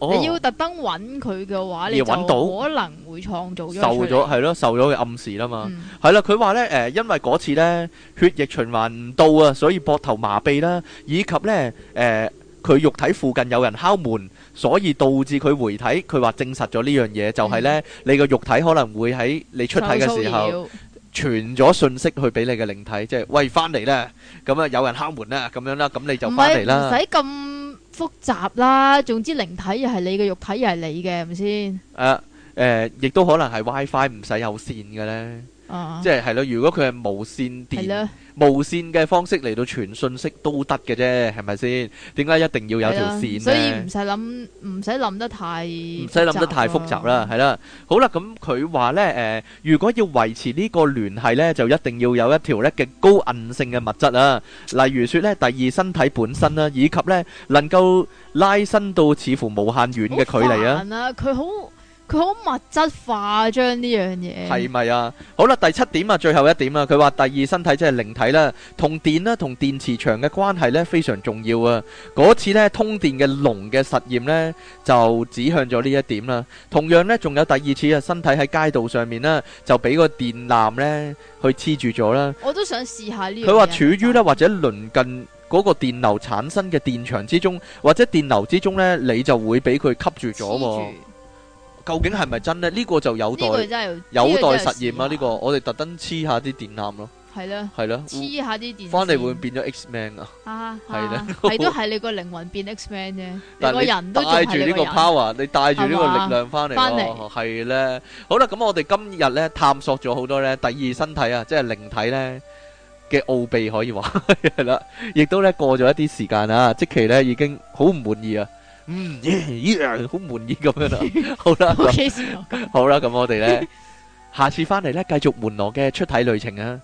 你要特登揾佢嘅話，你揾到就可能會創造咗受咗係咯，受咗嘅暗示啦嘛，係啦，佢話咧誒，因為嗰次咧血液循環唔到啊，所以膊頭麻痹啦，以及咧誒，佢肉體附近有人敲門，所以導致佢回體。佢話證實咗呢樣嘢，就係咧你個肉體可能會喺你出體嘅時候傳咗信息去俾你嘅靈體，即係喂翻嚟咧，咁啊有人敲門啦，咁樣啦，咁你就翻嚟啦。唔使咁。複雜啦，總之靈體又係你嘅，肉體又係你嘅，係咪先？誒，誒，亦都可能係 WiFi 唔使有線嘅咧。即係係咯，如果佢係無線電、的無線嘅方式嚟到傳信息都得嘅啫，係咪先？點解一定要有條線？所以唔使諗，唔使諗得太唔使諗得太複雜啦，係啦。好啦，咁佢話呢，誒、呃，如果要維持呢個聯繫呢，就一定要有一條呢極高韌性嘅物質啊。例如說呢，第二身體本身啦、啊，以及呢能夠拉伸到似乎無限遠嘅距離啊。好煩啊！佢好佢好物質化、啊，將呢樣嘢，係咪啊？好啦，第七點啊，最後一點啊，佢話第二身體即係靈體啦，同電啦、啊，同電磁場嘅關係呢非常重要啊。嗰次呢，通電嘅龍嘅實驗呢就指向咗呢一點啦。同樣呢，仲有第二次啊，身體喺街道上面呢，就俾個電纜呢去黐住咗啦。我都想試下呢。佢話處於呢，或者鄰近嗰個電流產生嘅電場之中，或者電流之中呢，你就會俾佢吸住咗、啊。究竟係咪真咧？呢個就有待有待實驗啊！呢個我哋特登黐下啲電纜咯，係咯，係咯，黐下啲電翻嚟會變咗 Xman 啊！係咧，係都係你個靈魂變 Xman 啫，但係個人都帶住呢個 power，你帶住呢個力量翻嚟咯，係咧。好啦，咁我哋今日咧探索咗好多咧第二身體啊，即係靈體咧嘅奧秘可以話係啦，亦都咧過咗一啲時間啊，即期咧已經好唔滿意啊！嗯，咦，好滿意咁樣啦，啊。 (laughs) 好啦， (laughs) (laughs) 好啦，咁我哋咧， (laughs) 下次翻嚟咧，繼續門羅嘅出體旅程啊。